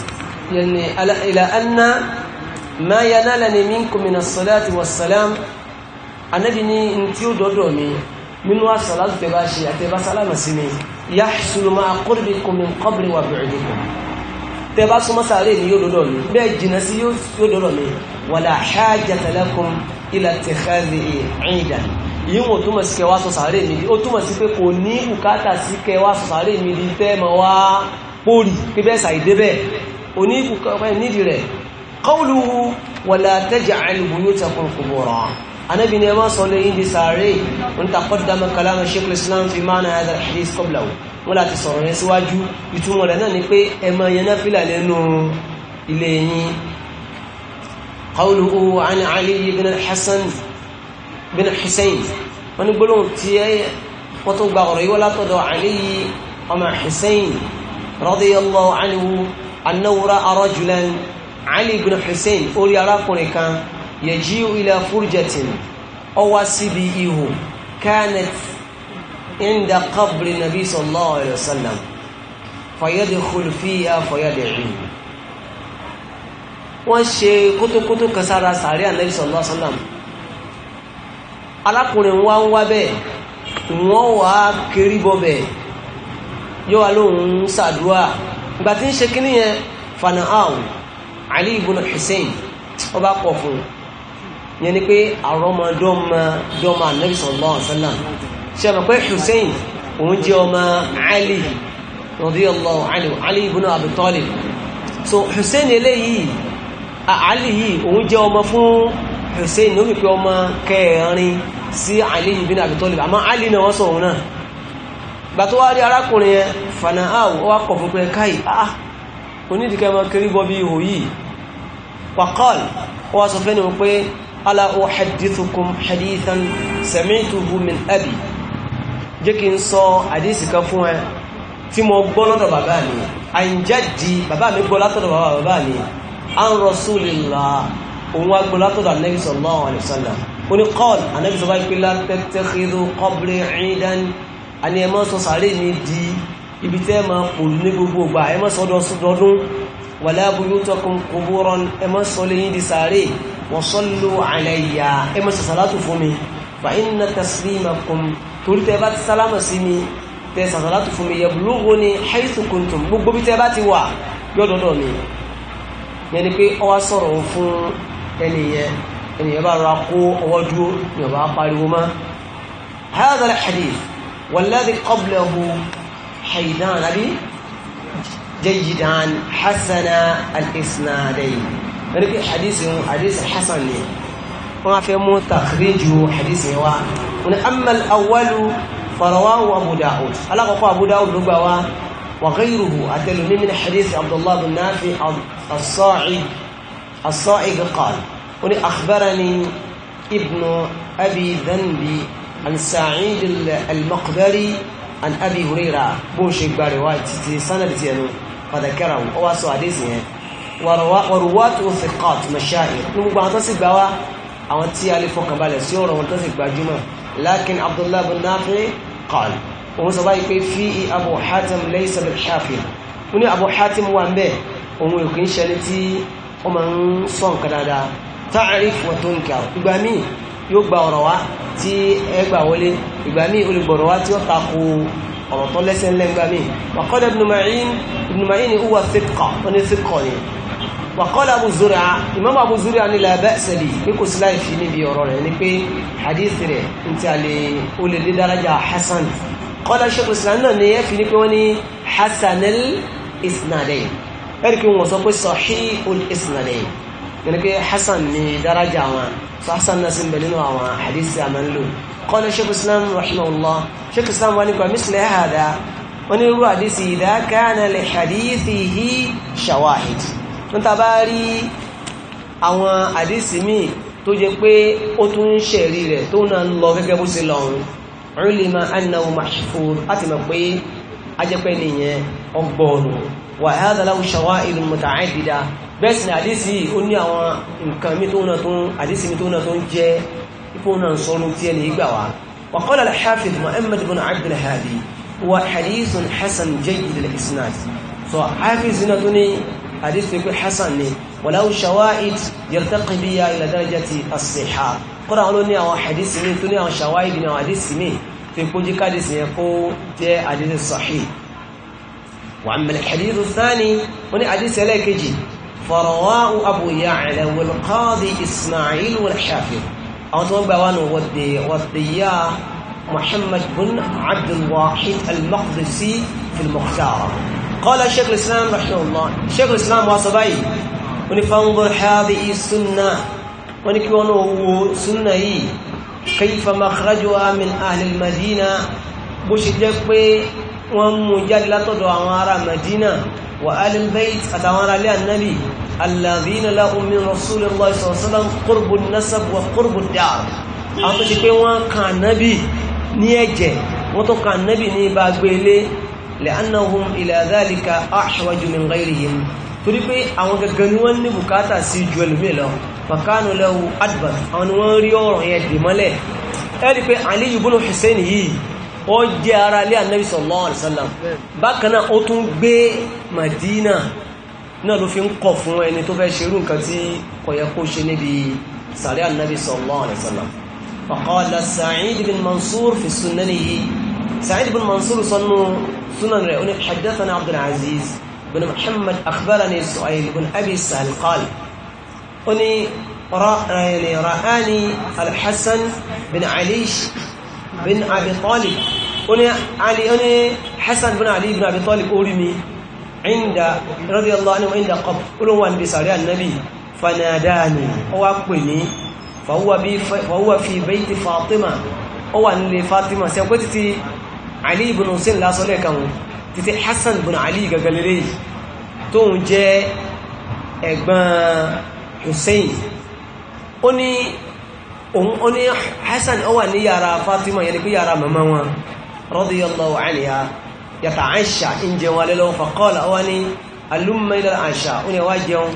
[SPEAKER 1] يعني إلى أن ما ينالني منكم من الصلاة والسلام النبي انتيو دودومي من وصلاة تباشي أتبا سلام سمي يحصل مع قربكم من قبر وبعدكم تبا سمسالي يودومي بيجنسي يودومي ولا حاجة لكم ilà tẹ̀kẹ́rì ẹ̀yìndà yìí wọ́n túnmọ̀ sí kẹwàá sọ sàárè mi di ó túnmọ̀ sí pé kò ní bùkátà sí kẹwàá sọ sàárè mi di tẹ́ẹ̀mọ̀ wá pólì pé bẹ́ẹ̀ sàìdé bẹ́ẹ̀ òní bùkátà nídìí rẹ̀ kọ́wùlù wàlà tẹ́jà àìlùbù yóò tẹ̀kùn kò bọ̀rọ̀ anábì ni ẹ máa sọ lẹ́yìn di sàárè ilé yín قوله عن علي بن الحسن بن الحسين wọ́n ní gbólóhùn tí ẹ wọ́n tó gba ọ̀rọ̀ yìí wọ́n látọ̀dọ̀ Ali ọmọ Hussein radiyallahu anhu annahu ra'a rajulan Ali ibn Hussein orí arákùnrin kan yaji'u ila furjatin ọ wá síbi ihò kanat inda qabri nabi sallallahu alayhi wa sallam fayadkhulu fiha fayad'u wọ́n ṣe kótókótó kan sára sàárè ànábì sallallahu alaihi wasallam alákùnrin wá ń wá bẹ́ẹ̀ wọ́n wá kiri bọ́ bẹ́ẹ̀ yóò wá lóun ṣàdúrà ìgbà tí ń ṣe kíní yẹn fana awu Ali ibn Hussein wọ́n bá pọ̀ fún un yẹn ni pé àrọ́mọdọ́mọdọ́mọ ànábì sallallahu ṣe mọ̀ pé Hussein òun jẹ́ ọmọ Ali radiyallahu Ali ibn Abi Talib so Hussein eléyìí Ali yìí òun jẹ́ ọmọ fún Hussein ní wípé ọmọ kẹrin sí Ali bin Abi Talib àmọ́ Ali náà wọ́n sọ òun náà gbà tó wá rí arákùnrin yẹn fana áwù pé káì áà onídìíkẹ́ mo gbọ́ lọ́dọ̀ bàbá mi àìjáde bàbá mi gbọ́ látọ̀dọ̀ bàbá mi an rasulillah òun wá gbọ́ látọ̀dọ̀ anabi sallallahu alayhi wa sallam ó ní kọ́ọ̀lù anabi sọ̀rọ̀ báyìí pé látẹ́tẹ́kìrú qabri ìdán àni ẹ̀ mọ́ sọ sàárè mi di ibi tẹ́ máa pò ní gbogbo ìgbà ẹ̀ mọ́ sọ́dọ̀ sọ́dọ̀dún wala buyutakum quburan ẹ̀ mọ́ sọ lẹ́yìn di sàárè wa sallu alayya ẹ̀ mọ́ sọ sàlátù fún mi fa inna taslimakum torí tẹ́ bá ti sálámà sí mi tẹ́ sàlátù fún mi yabluguni yẹn ni pé ọwá sọ̀rọ̀ òun fún ẹni yẹn ẹni yẹn bá rọra kó ọwọ́ dúró ni ọba pariwo mọ́ hadha al-hadith walladhi qablahu haidan àbí jayidan hasana al-isnadayn yẹn ni pé hadith yẹn hadith hasan ni wọ́n á fẹ́ mú takhriju hadith yẹn wá wọn ni amma al-awwalu farawahu abu da'ud alákọ̀ọ́kọ́ abu da'ud ló gbà wá وغيره أتلو من حديث عبد الله بن نافع الصاعد الصاعد قال وني أخبرني ابن أبي ذنب عن سعيد المقبري عن أبي هريرة بوشي برواية سنة تيانو فذكره هو حديثه ورواته ثقات مشاهير نبغى نتصل بوا أو تيالي فوق بالي سيورة ونتصل بجمع لكن عبد الله بن نافع قال òun sọ báyìí pé fi Abu Hatim laysa bil-hafiz ó ní Abu Hatim wà ń bẹ̀ òun ò kì í ṣẹlẹ̀ tí ó máa ń sọ nǹkan dáadáa ta'rif wa tunkar ìgbà míì yóò gba ọ̀rọ̀ wá tí ẹ gbà wọlé ìgbà míì ó lè gbọ̀rọ̀ wá tí ó tako ọ̀rọ̀ tó lẹ́sẹ̀ ńlẹ̀ ńgbà míì wa qala Ibn Ma'in Ibn Ma'in huwa thiqqa ó ní kò sí láì níbi ọ̀rọ̀ rẹ̀ ni pé hadith rẹ̀ ń tí a lè ó lè dé daraja kọ́lá ṣẹ́kù islam náà ni ẹ fi ní pé wọ́n ní hasanel isnadain ẹ̀rí pé wọ́n sọ pé sahihul isnadain yẹni pé hasan ni daraja wọn sọ hasan náà sì ń bẹ nínú àwọn hadisi àmàlò kọ́lá ṣẹ́kù islam rahimahullah ṣẹ́kù islam wà nípa misle hada wọ́n ní irú hadisi idha kana li hadithihi shawahid wọ́n ta bá rí àwọn hadisi míì tó jẹ pé ó tún ń ṣẹ̀rí rẹ̀ tó náà lọ gẹ́gẹ́ bó ṣe lọ́run ulima annahu mahfuz àti mọ̀ pé ajẹ́pẹ́ nìyẹn ọgbọ̀ọ̀nù wa hadha lahu shawahid muta'addida bẹ́ẹ̀ sì ni àdísì ó ní àwọn nǹkan mi tó náà tó ń àdísì mi tó náà tó ń jẹ́ ipò náà ń sọ́nu tí ẹni gbà wá wa qala al-hafiz kọ́ra wọn ló ní àwọn hadisi mi tó ní àwọn ṣàwáìdì ní àwọn hadisi mi tó kó jí kádìsì yẹn kó jẹ́ hadisi sahih wà á mẹ́lẹ̀ hadisi thani wọ́n ní hadisi ẹlẹ́ẹ̀kejì farawahu abu ya'la ismail wọ́n gbà wà nù wọ́dìyà محمد بن عبد الواحد المقدسي في المختار قال شيخ الإسلام رحمه الله شيخ الإسلام واصبي فانظر هذه السنة wọ́n ní kí wọ́n náà wo súnà yìí kayfa makhrajuha min ahli al-madina bó ṣe jẹ́ pé wọ́n mú jáde látọ̀dọ̀ àwọn ará madina wa ahli al-bayt àtàwọn ará ilé ànábì alladhina lahum min rasulillahi torí pé àwọn gẹ́gẹ́ ni wọ́n ní bùkátà sí ju ẹlòmíì lọ fakanu lẹ́wù adìbà àwọn ni wọ́n rí ọ̀rọ̀ yẹn dì mọ́lẹ̀ ẹ́rì pé Aliyu bunu Hussein yìí ó jẹ́ ara lé Ànábì sallallahu alaihi wasallam bákan náà ó tún gbé Madina náà ló fi ń kọ̀ fún ẹni tó fẹ́ ṣerú nǹkan tí ó ní eh, ra'ani alhassan bin ali bin abi talib ó ní ali ó ní hassan bin ali bin abi talib orí mi inda radiyallahu anhu inda qabr olóhùn wà níbi sàrí annabi fanadani ó wá pè ní fàwúwà fi bayti fatima ó wà nílé fatima sí ọgbẹ́ títí ali ibn hussein lásán lẹ́ẹ̀kan títí hassan bin ali gagalere tó jẹ́ ẹ̀gbọ́n hussein ó ní ó ní hassan ó wà ní yàrá fatima yẹni pé yàrá màmá wọn radiyallahu anha yàtà aisha ń jẹun alẹ́ lọ́wọ́ faqala ó wá ní alumma ila aisha ó ní wá jẹun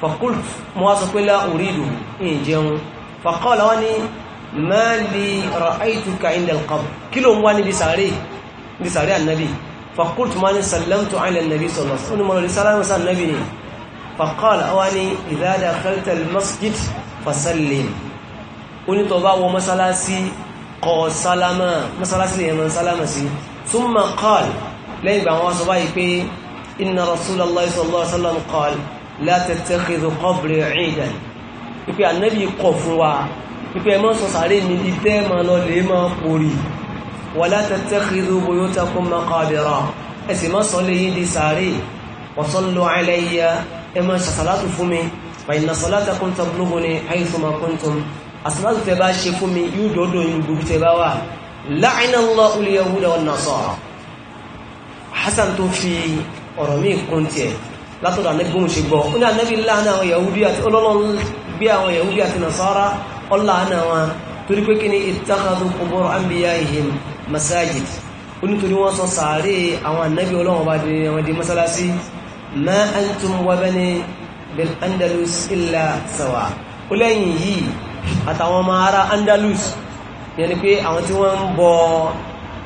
[SPEAKER 1] faqult mo wá sọ pé la uridu ń jẹun faqala wá ní ma li ra'aytuka inda al فقال أواني إذا دخلت المسجد فسلم أني طبعا ومسلاسي قو سلاما مسلاسي لهم سلامسي ثم قال لين بعوا صبايك إن رسول الله صلى الله عليه وسلم قال لا تتخذ قبري عيدا يبقى النبي قفوا يبقى ما صاري من إتما لما قولي ولا تتخذوا بيوتكم مقابرا أسمى صلي دي ساري وصلوا علي ẹ máa ṣàṣàlátù fún mi fàyìnà sọ̀látà kún tọ́gbọ́gbọ́ ni àìsùnmà kún tún àṣàlátù tẹ bá ṣe fún mi yóò dọ́dọ̀ yóò gbogbo tẹ bá wà láàrín lọ olè yahuda wọn nà sọ hasan tó fi ọ̀rọ̀ míì kún tiẹ̀ látọ̀dọ̀ anábì bóun ṣe gbọ́ ó ní anábì láàánà àwọn yahudi àti ọlọ́lọ́run bí àwọn yahudi àti nasara ọláàánà wọn sọ sàárè àwọn anábì ọlọ́run bá di mọ́sálásí ma antum wa bani bil andalus illa sawa ó lẹ́yìn yìí àtàwọn ọmọ ará andalus yẹn ni pé àwọn tí wọ́n ń bọ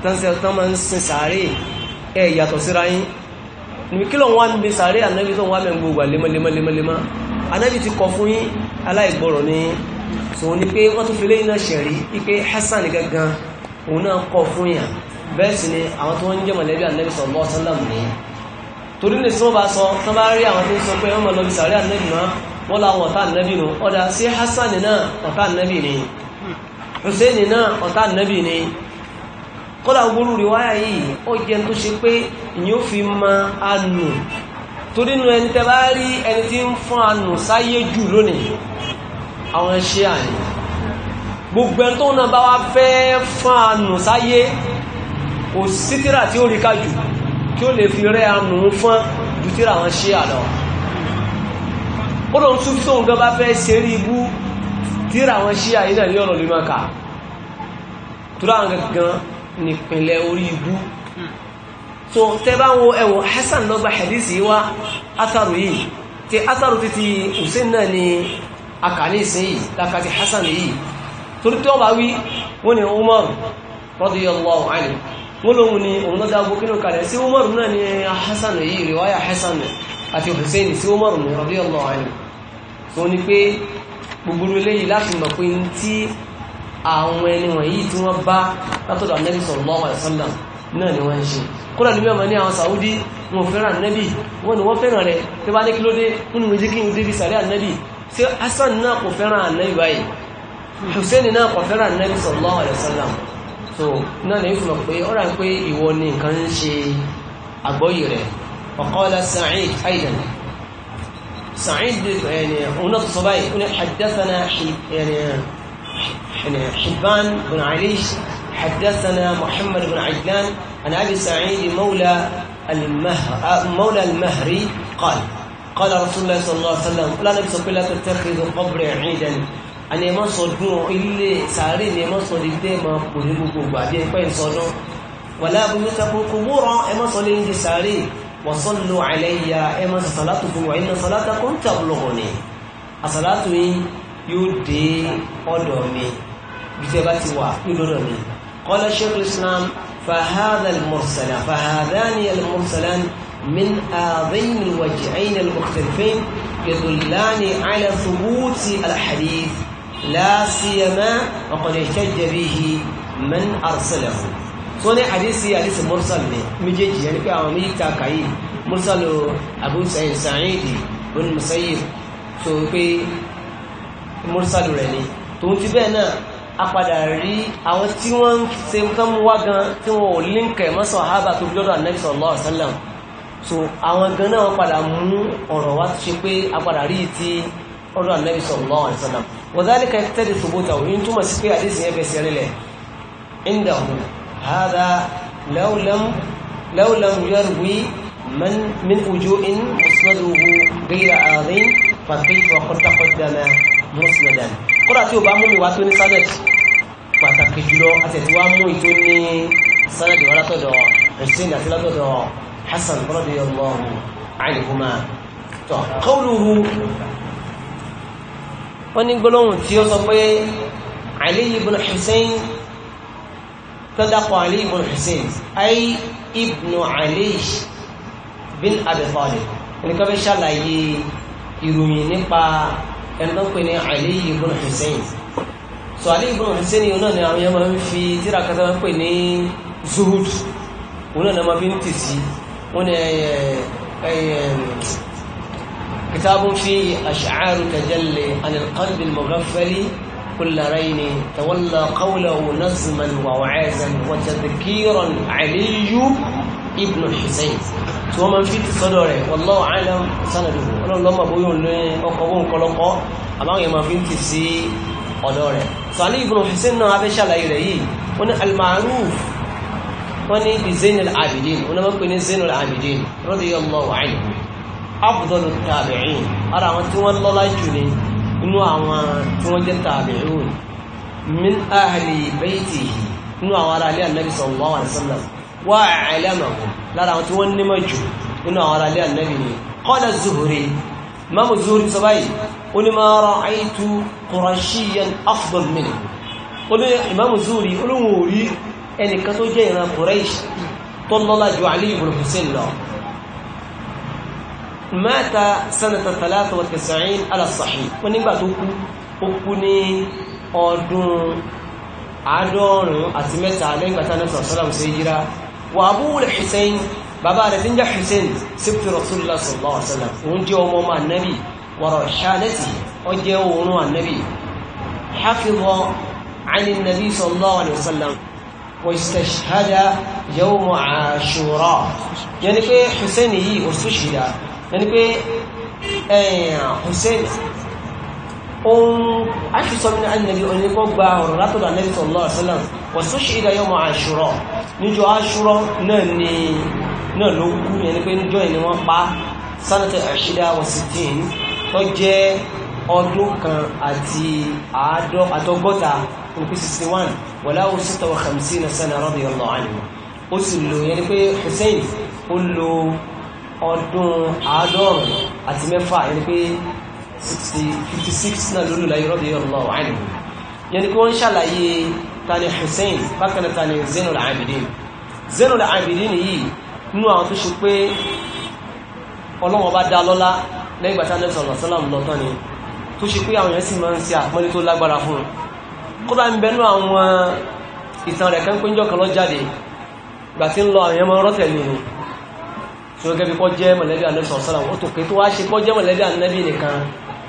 [SPEAKER 1] tánṣẹ́ tán máa ń sin sàárè ẹ̀ yàtọ̀ síra yín níbi kí lọ wá ń bí sàárè ànábì tó wá mẹ́gbò wà lemọ́lemọ́lemọ́ ànábì ti kọ fún yín aláìgbọ̀rọ̀ ni so ní pé wọ́n tún fi lẹ́yìn náà ṣẹ̀rí wípé Hassan gangan òun náà kọ fún yàn bẹ́ẹ̀ sì ni àwọn tó ń jẹ́ mọ̀lẹ́bí ànábì sallallahu alaihi ni torí ní sọ́ba sọ tán bá rí àwọn tó ń sọ pé wọ́n mọ̀ lọ́bi sàárẹ́ ànábì náà wọ́n láwọn ọ̀tá ànábì nù ọ̀dà sí Hasan náà ọ̀tá ànábì ni Hussein náà ọ̀tá ànábì ni kódà gbúrú rí wáyà yìí ó jẹ́ tó ṣe pé ìyẹn ó fi mọ anù torí nu ẹni tẹ́ bá rí ẹni tí ń fún anù sáyé jù lónìí àwọn ẹṣẹ́ àyè gbogbo ẹni tó náà bá wá fẹ́ fún anù sáyé kò sítírà tí ó rí ká jù kí ó lè fi rẹ́ amù fán ju tíra àwọn ṣe àlọ́ ó lóun tún tóun gan bá fẹ́ ṣe rí ibú tíra àwọn ṣe àyè náà ní ọ̀rọ̀ lè máa kà tura àwọn gangan nípìnlẹ̀ orí ibú so tẹ́ bá wo ẹ̀wọ̀n Hasan lọ́gbà hadith yìí wá atharu yìí tí atharu ti ti Hussein náà ni akàní ìsìn yìí lákàtí Hasan yìí torí tí wọ́n bá wí wọ́n ni Umar radiyallahu anhu wọ́n lóhun ni òun lọ́dá agbókínú kalẹ̀ sí umaru náà ni Hassan yìí riwaya Hassan àti Hussein sí umaru ní radiyallahu anhu tó ní pé gbogbo eléyìí láti mọ̀ pé tí àwọn ẹni wọ̀nyí tí wọ́n bá látọ̀dọ̀ Ànábì sallallahu alaihi wasallam náà ni wọ́n ń ṣe kódà ní mẹ́wàá ní àwọn Saudi wọn fẹ́ràn Ànábì wọn ni wọ́n fẹ́ràn rẹ̀ tí bá ní kí ló dé nínú méjì kí n débi sàrẹ́ Ànábì tí Hassan náà kò fẹ́ràn Ànábì báyìí Hussein náà kò fẹ́ràn Ànábì sallallahu alaihi wasallam so náà lè fún ọ pé ọ̀rà ń pé ìwọ ni nǹkan ń ṣe àgbọ́yì rẹ̀ ọ̀kọ́lá Sa'id aidan Sa'id ẹni òun náà sọ báyìí ó ní haddathana Hibban bin Alish haddathana Muhammad bin Ajlan an Abi Sa'id mawla المولى المهري قال قال رسول الله صلى الله عليه وسلم لا نبص لا تتخذ قبر عيدا àni ẹ má sọ dún ilé sàárè ni ẹ má sọ dídé ẹ má kò ní gbogbo gbà bí ẹ pẹ́ ìsọdún wàlá abúlé takò kò wúrọ̀ ẹ má sọ lé ní sàárè wasallu alayya ẹ má sọ sàlátù fún wa inna salatakum tablughuni àsàlátù yìí yóò dé ọ̀dọ̀ mi bí tẹ́ bá ti wà yóò lọ́dọ̀ mi qala shaykhul islam فهذا المرسلان فهذان المرسلان من هذين الوجهين المختلفين يدلان على ثبوت الحديث لا سيما وقد احتج به من ارسله سوني حديثي حديث مرسل مجيج يعني كي عوامي تاكاي مرسل ابو سعيد سعيدي بن مسيب سو كي مرسل رني تو تي بينا apadà rí àwọn tí wọ́n ń ṣe nǹkan wá gan tí wọ́n ò líǹkẹ̀ mọ́ sàhábà tó lọ́dọ̀ Ànábì sallallahu so àwọn gan náà wọ́n padà mú ọ̀rọ̀ wá ṣe pé apadà rí ti ọdún anabi sallallahu alaihi wasallam wazalika tẹ́lẹ̀ ṣubúta òyìn túmọ̀ sí pé àdísì yẹn fẹsẹ̀ rílẹ̀ indahu hada law lam yarwi min wujuhin musnaduhu ghayra adhin fakayfa qad taqaddama musnadan kódà tí o bá mú mi wá tó ní sanad pàtàkì jùlọ àtẹ̀tí wá mú ìtó ní sanad wà látọ̀dọ̀ wọ́n ní gbólóhùn tí ó sọ pé Ali ibn Hussein tọ́dàpọ̀ Ali ibn Hussein ay ibn Ali bin Abi Talib ẹnìkan fẹ́ ṣàlàyé ìròyìn nípa ẹnìkan ní Ali ibn Hussein so Ali ibn Hussein yìí náà ni àwọn yẹn máa ń fi tíra kata máa ń pè ní zuhud òun náà كتاب فيه أشعار تجلي عن القلب المغفل كل رين تولى قوله نظما ووعازا وتذكيرا علي ابن حسين ثم في صدره والله أعلم سنده أنا لما بيقول لي أقوم كلقة أما يما في تسي ọ̀dọ́ rẹ̀ ابن حسين ibn Hussein náà abẹ́ ṣàlàyé rẹ̀ yìí wọ́n ní al-ma'ruf wọ́n ní bi Zainul Abidin wọ́n afdalu tabi'in ara àwọn tí wọ́n lọ́lá jù ní inú àwọn tí wọ́n jẹ́ tabi'un min ahli baytihi inú àwọn ará ilé ànábì sallallahu alaihi wasallam wa a'lamuhu lára àwọn tí wọ́n nímọ̀ jù inú àwọn ará ilé ànábì ni qala zuhri mamu zuhri sọ báyìí ó ní ma ra'aytu qurashiyan afdal minhu ó ní imamu zuhri olóhùn orí ẹnìkan tó jẹ́ ìran quraish tó lọ́lá ju ali ibn hussein lọ mata sanata talata wa tisa'in ala sahih wọ́n nígbà tó kú ó kú ní ọdún àádọ́rùn àti mẹ́ta lẹ́yìn gbàtà náà sọ̀rọ̀sọ́làm sí yíra wà abul hussein bàbá rẹ̀ tí ń jẹ́ hussein síptì rasulullah sallallahu alaihi wasallam òun يوم عاشوراء يعني في حسين هي ẹni pé ẹ̀yìn eh, hussein ohun aṣìṣọ́mìnà annabi oníkọ́ gba ọ̀rọ̀ látọ̀dọ̀ annabi sallallahu alaihi wasallam wà só ṣe ìdáyọ́ mọ̀ àṣùrọ̀ níjọ àṣùrọ̀ náà ni náà ló kú ẹni pé níjọ ìní wọ́n pa sanata ashida wa sittin tó jẹ́ ọdún kan àti àádọ́gọ́ta òkú 61 wọ̀lá ó sì ọdún àádọ́rùn àti mẹ́fà yẹn pé 56 náà lórí ìlà yọrọ̀bì yọrọ̀ náà wáyé yẹn ni pé wọ́n ń ṣàlàyé tani Hussein bákan tani Zainul Abidin Zainul Abidin yìí nú àwọn tó ṣe pé ọlọ́wọ́n bá dá lọ́lá lẹ́yìn gbàtà nẹ́sọ̀ lọ́sọ́lá lọ tán ni tó ṣe pé àwọn èèyàn sì máa ń ṣe àpọ́nlé tó lágbára fún un kódà tí ń lọ àwọn èèyàn máa tí ó gẹ́bí kọ́ jẹ́ mọ̀lẹ́bí ànẹ́bí sọ̀sọ́lá ó tó pé tó wá ṣe kọ́ jẹ́ mọ̀lẹ́bí ànẹ́bí nìkan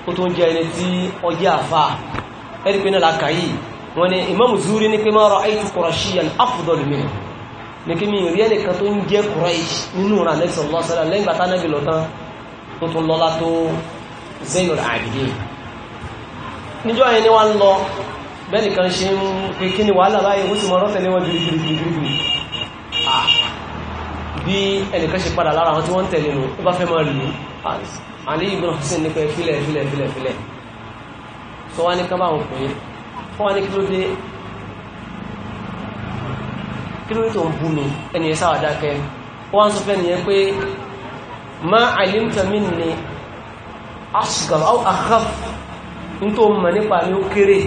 [SPEAKER 1] ó tó ń jẹ́ ẹni tí ó jẹ́ àfà ẹni pé náà la kà yìí wọ́n ní Imam Zuhri ní pé ma ra'aytu Qurashiyyan afdal minhu ní kí mi rí ẹnìkan tó ń jẹ́ Quraysh nínú ànẹ́bí sọ̀sọ́lá ni wá ń lọ bẹ́ẹ̀ nìkan ṣe ni wàhálà báyìí ó sì mọ̀ ọ́n tẹ̀lé wọn bí ẹnìkan ṣe padà lára àwọn tí wọ́n ń tẹ̀lé nù tó bá fẹ́ máa lù ú àní ìgbọ́n Hussein nípa ìfilẹ̀ ìfilẹ̀ ìfilẹ̀ ìfilẹ̀ sọ wá ní ká bá wọn pè é fún wa ní kí ló dé kí ló dé tó ń bú mi ẹnìyẹn sáwà dákẹ́ wọ́n á sọ fẹ́ nìyẹn pé má àìlèmtà mí ni asghar aw akhaf ní tó mọ̀ nípa mi ó kéré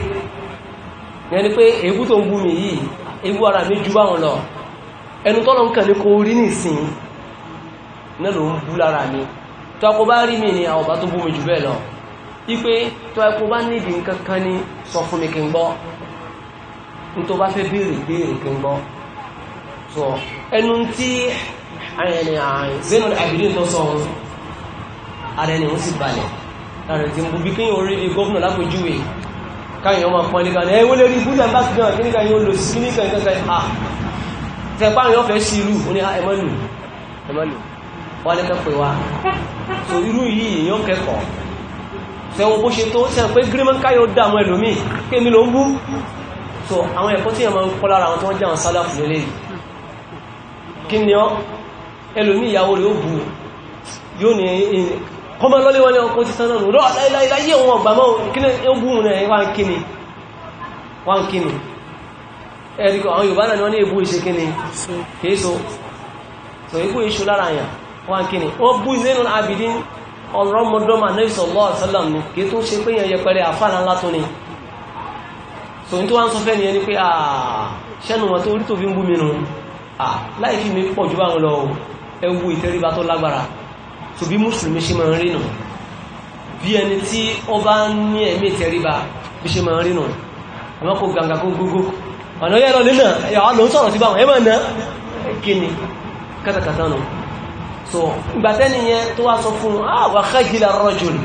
[SPEAKER 1] yẹn ni pé èébú tó ń bú mi yìí èébú ara mi ju báwọn lọ ẹnu tọ́lọ ń kàn ní kó rí ní ìsìn náà ló ń bú lára mi tó akọ bá rí mi ni àwọn bá tó bú mi jù bẹ́ẹ̀ lọ wípé tó akọ bá níbi nǹkan kan ní sọ fún mi kí n gbọ́ ní tó bá fẹ́ béèrè béèrè kí n gbọ́ sọ ẹnu tí Zainul Abidin tó sọ ara ẹni òun sì balẹ̀ lára ti ń bu bí kéèyàn orí gómìnà lápòjúwe káyọ̀ ọmọ pọ́nlẹ́gbà ní ẹwọ́n tẹ̀pá àwọn ọ̀fẹ́ sí ìlú ó ah, ẹmọ́lù ẹmọ́lù wọ́n ní kẹ́kọ̀ọ́ wa so irú yìí èèyàn kẹ́kọ̀ọ́ sẹ́wọ́n bó ṣe tó sẹ́wọ́n pé gírímọ̀ káyọ̀ dààmú pé mi ló ń bú so àwọn ẹ̀kọ́ tí ẹ̀mọ́ ń kọ́ lára wọn ní ọkọ̀ ẹ̀ríkọ àwọn Yorùbá náà ni wọ́n ní èbú ìṣe kíni kéèso so ikú iṣu lára àyàn wọ́n kíni ó Abidin ọlọ́mọdọ́mà Nabi sallallahu alaihi wasallam ni kí tó ṣe pé yẹn yẹpẹrẹ àfáàlà ni so n tó wá ń ni ẹni pé ṣẹ́nu wọn tó orí tó fi ń bú mi nù láì fi mi pọ̀ jù so bí mùsùlùmí ṣe máa ń rí nù bí ẹni tí ó bá ní ẹ̀mí ìtẹríba bí ṣe máa rí nù àmọ́ kó ọ̀nà yẹ́ lọ nínà ẹ̀yà ló ń sọ̀rọ̀ sí báwọn ẹmọ̀ náà kí ni kátàkátà nù so ìgbàtẹ́ni yẹn tó wá sọ fún àwọn ah, khajila rajul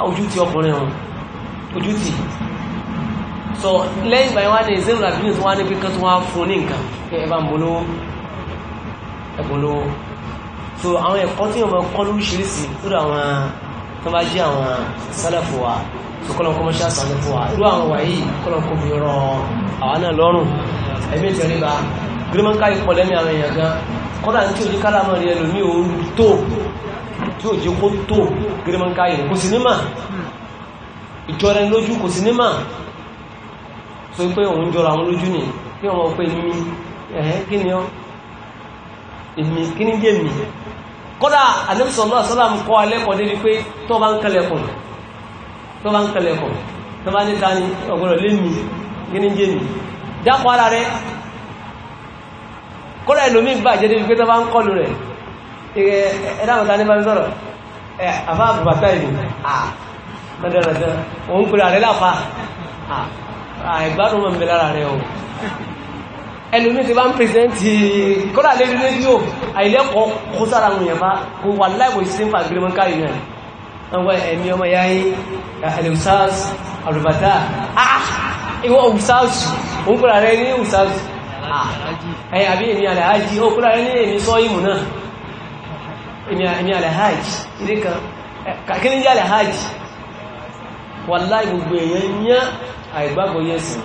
[SPEAKER 1] ah, ojú ti ọkùnrin ọ̀hún ojú ti so lẹ́yìn ìgbà wá ní zero àbí nìtò wá ní pé kátó wá fún ní nǹkan ẹ̀bá so àwọn ẹ̀kọ́ tí wọ́n kọ́ lóríṣiríṣi lórí àwọn tó bá jẹ́ àwọn kọ́lọ̀ kọ́ mọ́ṣá sàánú fún wa irú àwọn wàyí kọ́lọ̀ kó fi rọ àwọn náà lọ́rùn ẹ̀mí ìtẹ̀ríba gírímọ́ká ipò lẹ́mí àwọn èèyàn gan kọ́lá ní tí ò ní kálàmọ́ rí ẹlòmí òru tó tí ò jẹ́ kó tó gírímọ́ká yìí kò sí nímà ìjọra lójú kò sí nímà pé òun jọra àwọn lójú ni kí wọ́n pè ní ẹ̀hẹ́ kí ni ọ́ èmi kí ni jẹ́ mi kọ́lá àdébùsọ̀ náà sọ́lá mi kọ́ alẹ́kọ̀ọ́ débi pé tó bá ń kẹlẹ̀kùn tó bá ń kẹlẹ̀kùn tó bá ní tani ọgbọ̀rọ̀ lé mi gíníjé mi dákọ̀ ara rẹ̀ kọ́lá ìlòmí bá jẹ́ débi pé tó bá ń kọlù rẹ̀ ẹ̀dàmọ̀ta ní bá ń sọ̀rọ̀ àfá àbùbàtà ìlú àmọ́dẹ̀rẹ̀dẹ̀ òun pèrè àrẹ láfà àìgbádùn mọ̀ lára rẹ̀ o ẹlòmí ti bá ń pèsèntì kọ́lá lé rédíò àìlẹ́kọ̀ọ́ kó sára àwọn èèyàn bá kó wà láìwò ìsínfà gírímọ́ká ìyẹn àwọn ẹ̀mí ọmọ ya yí alìsáàs àrùbàtà ah ìwọ òsáàs òun kúrò rẹ ní òsáàs ẹ̀yìn àbí èmi alìhájì ó kúrò rẹ ní èmi sọ ìmù náà èmi alìhájì ilé kan kàkiri jẹ́ alìhájì wàláhì gbogbo èèyàn yá àìgbàgbọ́ yẹ́sìn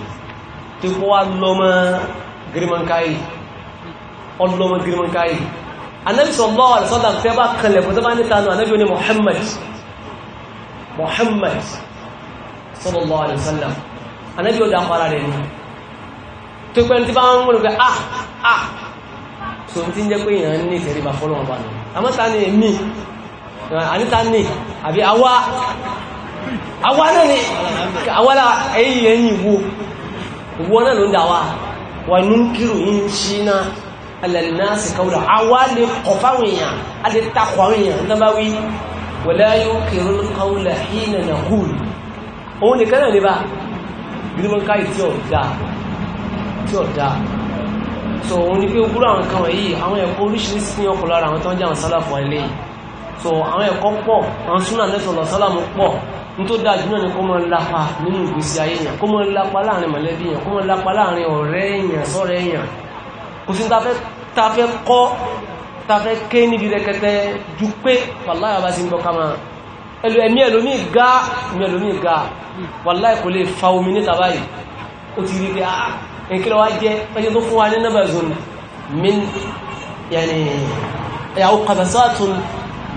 [SPEAKER 1] tí kó wá lọ́mọ gírímọ̀nkáyì ọlọ́mọ gírímọ̀nkáyì anẹ́bìsọ̀lọ́wà sọ́dà fẹ́ bá kalẹ̀ fún tó bá níta nù anẹ́bìsọ̀lọ́wà Muhammad sallallahu alaihi wasallam anábí ó dákọ̀ ara rẹ̀ ní tó pẹ́ tí bá ń múlò ah ah so tí ń jẹ́ pé èèyàn ní ìtẹríba fọ́lọ̀ ọba nù àmọ́ta ní èmi àníta ní àbí ni àwa náà ẹ̀yìn ẹ̀yìn wo ìwọ náà ló ń dà wá wà ní kírù yìí ń ṣí náà alẹ́ náà sì kọ́wọ́ àwa lè kọ̀ fáwọn èèyàn wala yunkirul qawla hina naqul òun nìkan náà ní bá gbígbọ́n káyì tí ó dáa tí ó dáa so òun ni pé ogúrò àwọn kan wọ̀nyí àwọn ẹ̀kọ́ oríṣiríṣi ní ọkọ̀ lára àwọn tó ń jẹ́ àwọn sálàfọ̀ ilé so àwọn ẹ̀kọ́ pọ̀ àwọn súnà lẹ́sọ̀lọ̀ sálàmù pọ̀ ní tó dáa jù náà ni kó mọ́ tafẹ́ ké níbi rẹ̀kẹtẹ ju pé wàláì àbá sí ń bọ́ kama ẹlò ẹ̀mí ẹlòmí ga ẹ̀mí ẹlòmí ga wàláì kò lè fa omi níta báyìí ó ti rí pé a nkiri wa jẹ ọjọ́ tó fún wa ní nọ́bà zone min yẹni ẹ̀yàwó kọ̀bẹ̀sọ́tún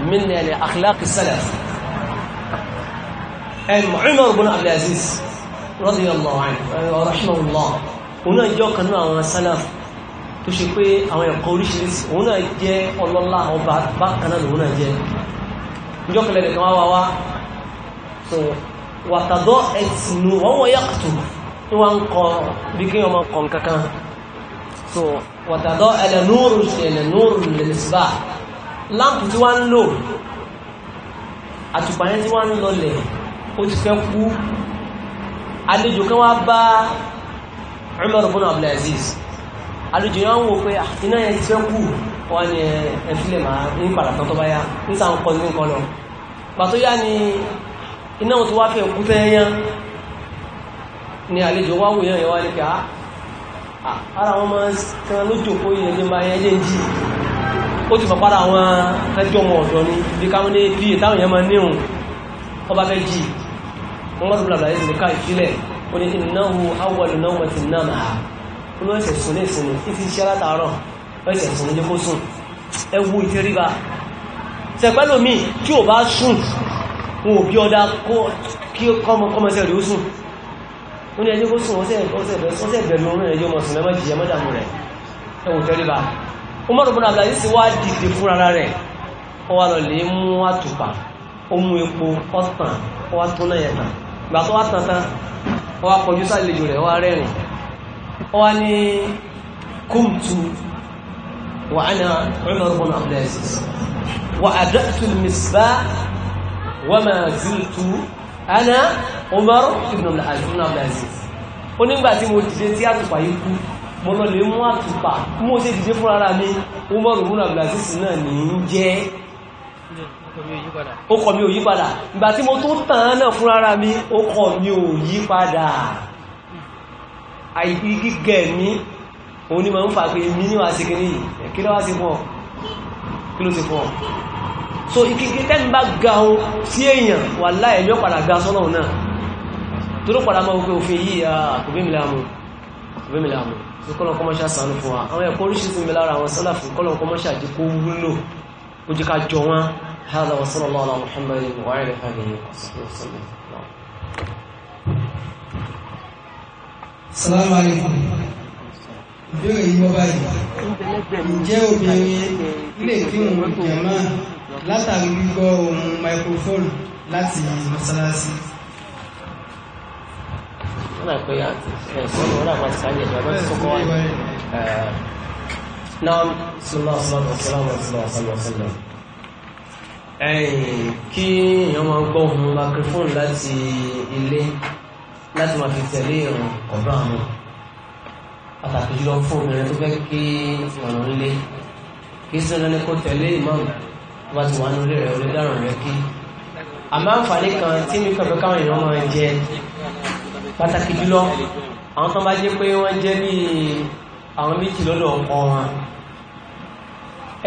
[SPEAKER 1] min yẹni akhlaqi salaf ẹn Umar ibn tó ṣe pé àwọn ẹ̀kọ́ oríṣiríṣi òun náà jẹ́ ọlọ́lá ọba bákan náà lòun náà jẹ́ ìjọkẹlẹ̀ nìkan wá wá so wàtàdọ́ ẹ̀sìnú wọ́n wọ́n yàtò tí wọ́n ń kọ bí kí ọmọ kọ̀ kankan so wàtàdọ́ ẹlẹ́núrù ẹlẹ́núrù àlejò yẹn wò pé ah, iná yẹn ti fẹ́ kú wọ́n ní ẹ̀fílẹ̀ máa ní ìpàdàtàn tó bá ni iná tó wá fẹ́ kú ya ni àlejò wá wò wá ní ah, ah, ara wọn máa ń kan lójò kó yẹn ní máa yẹn jẹ́ ọmọ ọ̀dọ́ ni bí káwọn ní bí ìtàwọn bla bla ti na na ti ló ẹsẹ̀ sùn ní ìsinmi títí iṣẹ́ látàárọ̀ ẹsẹ̀ sùn ní kó sùn ẹ wo ìtẹríba sẹ̀pẹ́lò mi kí o bá sùn wọn ò bí ọdá kí kọmọsẹ̀ rí ó sùn ó ní ẹjọ́ kó sùn ọsẹ̀ bẹ̀rẹ̀ orún ẹjọ́ mọ̀sùn mẹ́mọ́ jìyẹ mọ́dàmù rẹ̀ ẹ wo ìtẹríba ó mọ́rọ̀ bọ́nà àbúlá yìí wá dìde fúnra rẹ̀ ó wá lọ lè mú wọ́n ní kúmtù wà á ní Umar ibn Abdul Aziz wà á dọ́tù misbá wà má zùtù ana Umar ibn Abdul Aziz ó nígbà tí mo dìde tí àtùpà yìí kú mo lọ lè mú àtùpà mo ṣe dìde fún ara mi Umar ibn náà ní í jẹ́ ó kọ̀ mi ò yí ìgbà tí mo tó tàn án náà fún ara mi ó kọ̀ mi ò yí àìgígẹ̀ mí òun ni ma ń fà pé mí níwà sí kí ní kí lọ́wà sí fún ọ kí ló sí fún ọ so ìkíkí tẹ́ ń bá ga ohun sí èèyàn wà láẹ̀lẹ́ padà ga sọ́nà náà tó ló padà máa wípé òfin yìí àkùbẹ́mìlàmù àkùbẹ́mìlàmù sí kọ́lọ̀ kọ́mọ́ṣà sànú fún wa àwọn ẹ̀kọ́ oríṣìí mi lára àwọn sálàfù kọ́lọ̀ kọ́mọ́ṣà jí kó wúlò ó jí ká jọ wọn هذا وصلى الله على محمد وعلى اله وصحبه وسلم
[SPEAKER 4] Salamu alaikum.
[SPEAKER 2] Ìbéèrè yìí bọ́ báyìí. Ǹjẹ́ obìnrin lè kírun jàmá látàrí gbígbọ́ ohun microphone láti mọ́sálásí?
[SPEAKER 4] Náà pé ẹ̀sọ́nù ọ̀rọ̀ àwọn àṣàyẹ̀ ìjọba ti sọ́kọ́ wáyé.
[SPEAKER 1] Náà sọ́nà ọ̀sán ọ̀sán ọ̀sán ọ̀sán ọ̀sán ẹ̀yìn kí èèyàn máa gbọ́ ohun microphone láti ilé láti máa fi tẹ̀lé ìrùn ọ̀dọ́ àwọn pàtàkì jùlọ fún obìnrin tó fẹ́ kí ọ̀rọ̀ nílé kí sọ́dọ̀ ní kó tẹ̀lé ìmáàmù tó bá ti wà nílé rẹ̀ orí dáràn rẹ̀ kí àmọ́ àǹfààní kan tí mi kàn fẹ́ káwọn èèyàn máa jẹ
[SPEAKER 4] pàtàkì jùlọ
[SPEAKER 1] àwọn tó bá jẹ́ pé wọ́n jẹ́ bí àwọn méjì lọ́dọ̀ ọkọ wọn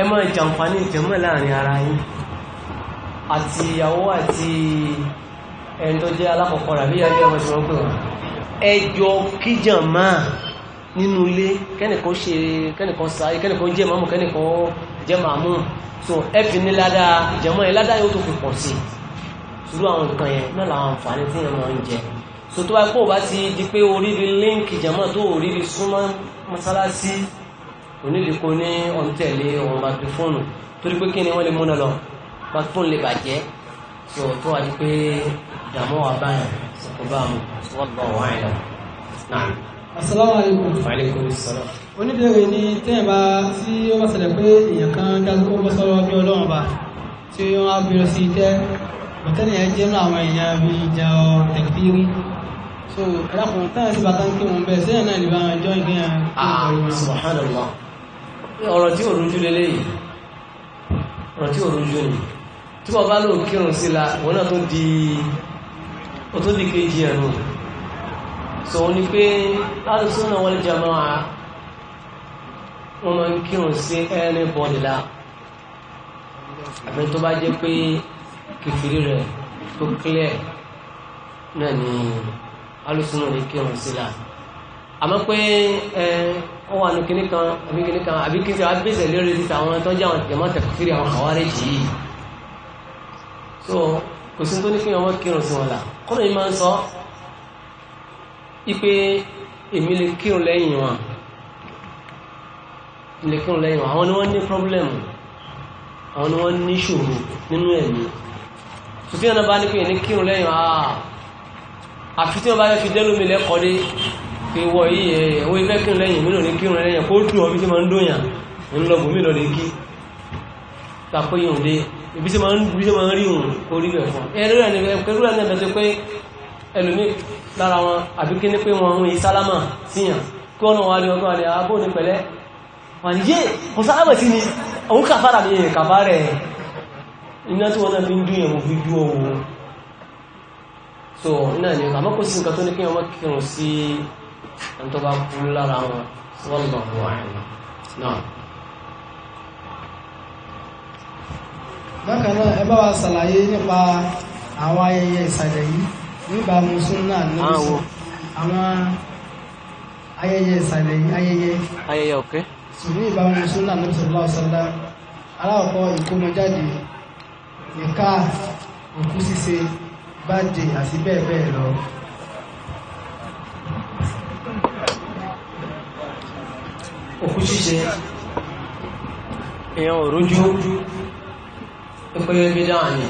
[SPEAKER 1] ẹ máa jàǹfààní ìjẹ́mọ̀ láàrin ara yín àti ìyàwó àti ẹni tó jẹ́ alákọ̀ọ́kọ́ rà bí yàrí ọmọ ìṣòro pé wọn ẹjọ́ kíjàn máa nínú ilé kẹ́nìkan ṣe kẹ́nìkan sáyé kẹ́nìkan jẹ́ màmú kẹ́nìkan jẹ́ màmú so ẹ̀fì ní ládàá ìjẹ̀mọ́ yẹn ládàá yóò tó fi pọ̀ sí irú àwọn nǹkan yẹn náà làwọn àǹfààní tí yẹn máa ń jẹ so tó bá pọ̀ bá ti di pé oríire líǹkì ìjẹ̀mọ́ tó oríire súnmọ́ mọ́sálásí onílẹ̀kọ́ ní ọ̀ntẹ̀lé ọ̀hún bàtí torí pé kí ni wọ́n lè múná lọ bàtí lè bàjẹ́ so tó wà ní pé ìdààmú wa báyà kò bá mu wọ́n lọ wọ́n àìlọ.
[SPEAKER 2] asalaamu alaykum. wa oníbẹ̀rẹ̀ ni tẹ́yìn bá tí ó bá ṣẹlẹ̀ pé èèyàn kan dájú ó bọ́ sọ́rọ́ ọjọ́ ọlọ́run bá tí wọ́n á bí lọ sí tẹ́ bọ̀tẹ́lẹ̀ yẹn jẹ́ nínú àwọn èèyàn bí ìjà tẹ̀kítírí so ẹ̀dàkùn táyà sí bàtà ń kí wọn bẹ́ẹ̀ sẹ́yìn náà lè bá jọ ìgbéyàn ah, ọ̀rọ̀ tí ò rújú lélẹ́yìn ọ̀rọ̀
[SPEAKER 1] tí tí wọ́n bá lóò kírun sí la wọ́n náà tó di ó tó di kejì ẹ̀rù so wọ́n ni pé alùsùn náà wọ́n jẹ́ mọ́ a wọ́n máa ń kírun sí ẹni bọ́ọ̀lì la àmì tó bá jẹ́ pé kìfìrí rẹ̀ tó clear náà ni alùsùn náà ní kírun sí la àmọ́ pé ẹ wà ní kíní kan àbí kíní kan àbí kíní kan àbí bẹ́sẹ̀ lérí ti tàwọn tó jẹ́ àwọn jẹ̀mọ́ tẹ̀kọ́fìrí àwọn àwárí jì yìí so kò sí tó ní kí ọmọ kírun sí wọn là kọ́nà yìí máa ń sọ ipe èmi lè kírun lẹ́yìn wọn lè kírun lẹ́yìn wọn àwọn ni wọ́n ní pọ́blẹ́mù àwọn ni wọ́n ní ṣòro nínú ẹ̀mí sùfí ọ̀nà bá ní pé ní kírun lẹ́yìn àà ah, àfi tí wọ́n bá fi dẹ́lómi lẹ́kọ̀ọ́ dé pé wọ yìí ẹ̀wọ́ ilé kírun lẹ́yìn mílò ní kírun lẹ́yìn kó dùn ọbí tí ma ń dóyàn ńlọgbò mílò lè kí tàpéyàn dé ìbí sí máa ń rí òun orí rẹ̀ fún ẹ̀rọ rẹ̀ nìkẹ́rù rẹ̀ nìkẹ́rù tó pé ẹlòmí lára wọn àbí kí ní pé wọn ń sálámà síyàn kí wọ́n wá rí ọkọ̀ àrẹ àbó ní pẹ̀lẹ́ wọ́n yé kò ni òun kàfàrà mi yẹ kàfà rẹ̀ iná tí wọ́n náà fi so iná ni àmọ́ kò sí nǹkan tó ní kí wọ́n kírun sí ẹni tó bá kú
[SPEAKER 2] bákan náà ẹ bá wa ṣàlàyé nípa àwọn ayẹyẹ ìsàlẹ̀ yìí nígbà mùsùlùmí ànábìsì àwọn ayẹyẹ ìsàlẹ̀ yìí ayẹyẹ ayẹyẹ ọ̀kẹ́ sùnú ìbá mùsùlùmí ànábìsì ọlọ́ọ̀sọ́lá aláwọ̀kọ́ ìkómọjáde nìka òkú ṣíṣe bájẹ àti bẹ́ẹ̀ lọ
[SPEAKER 1] pé bídá ni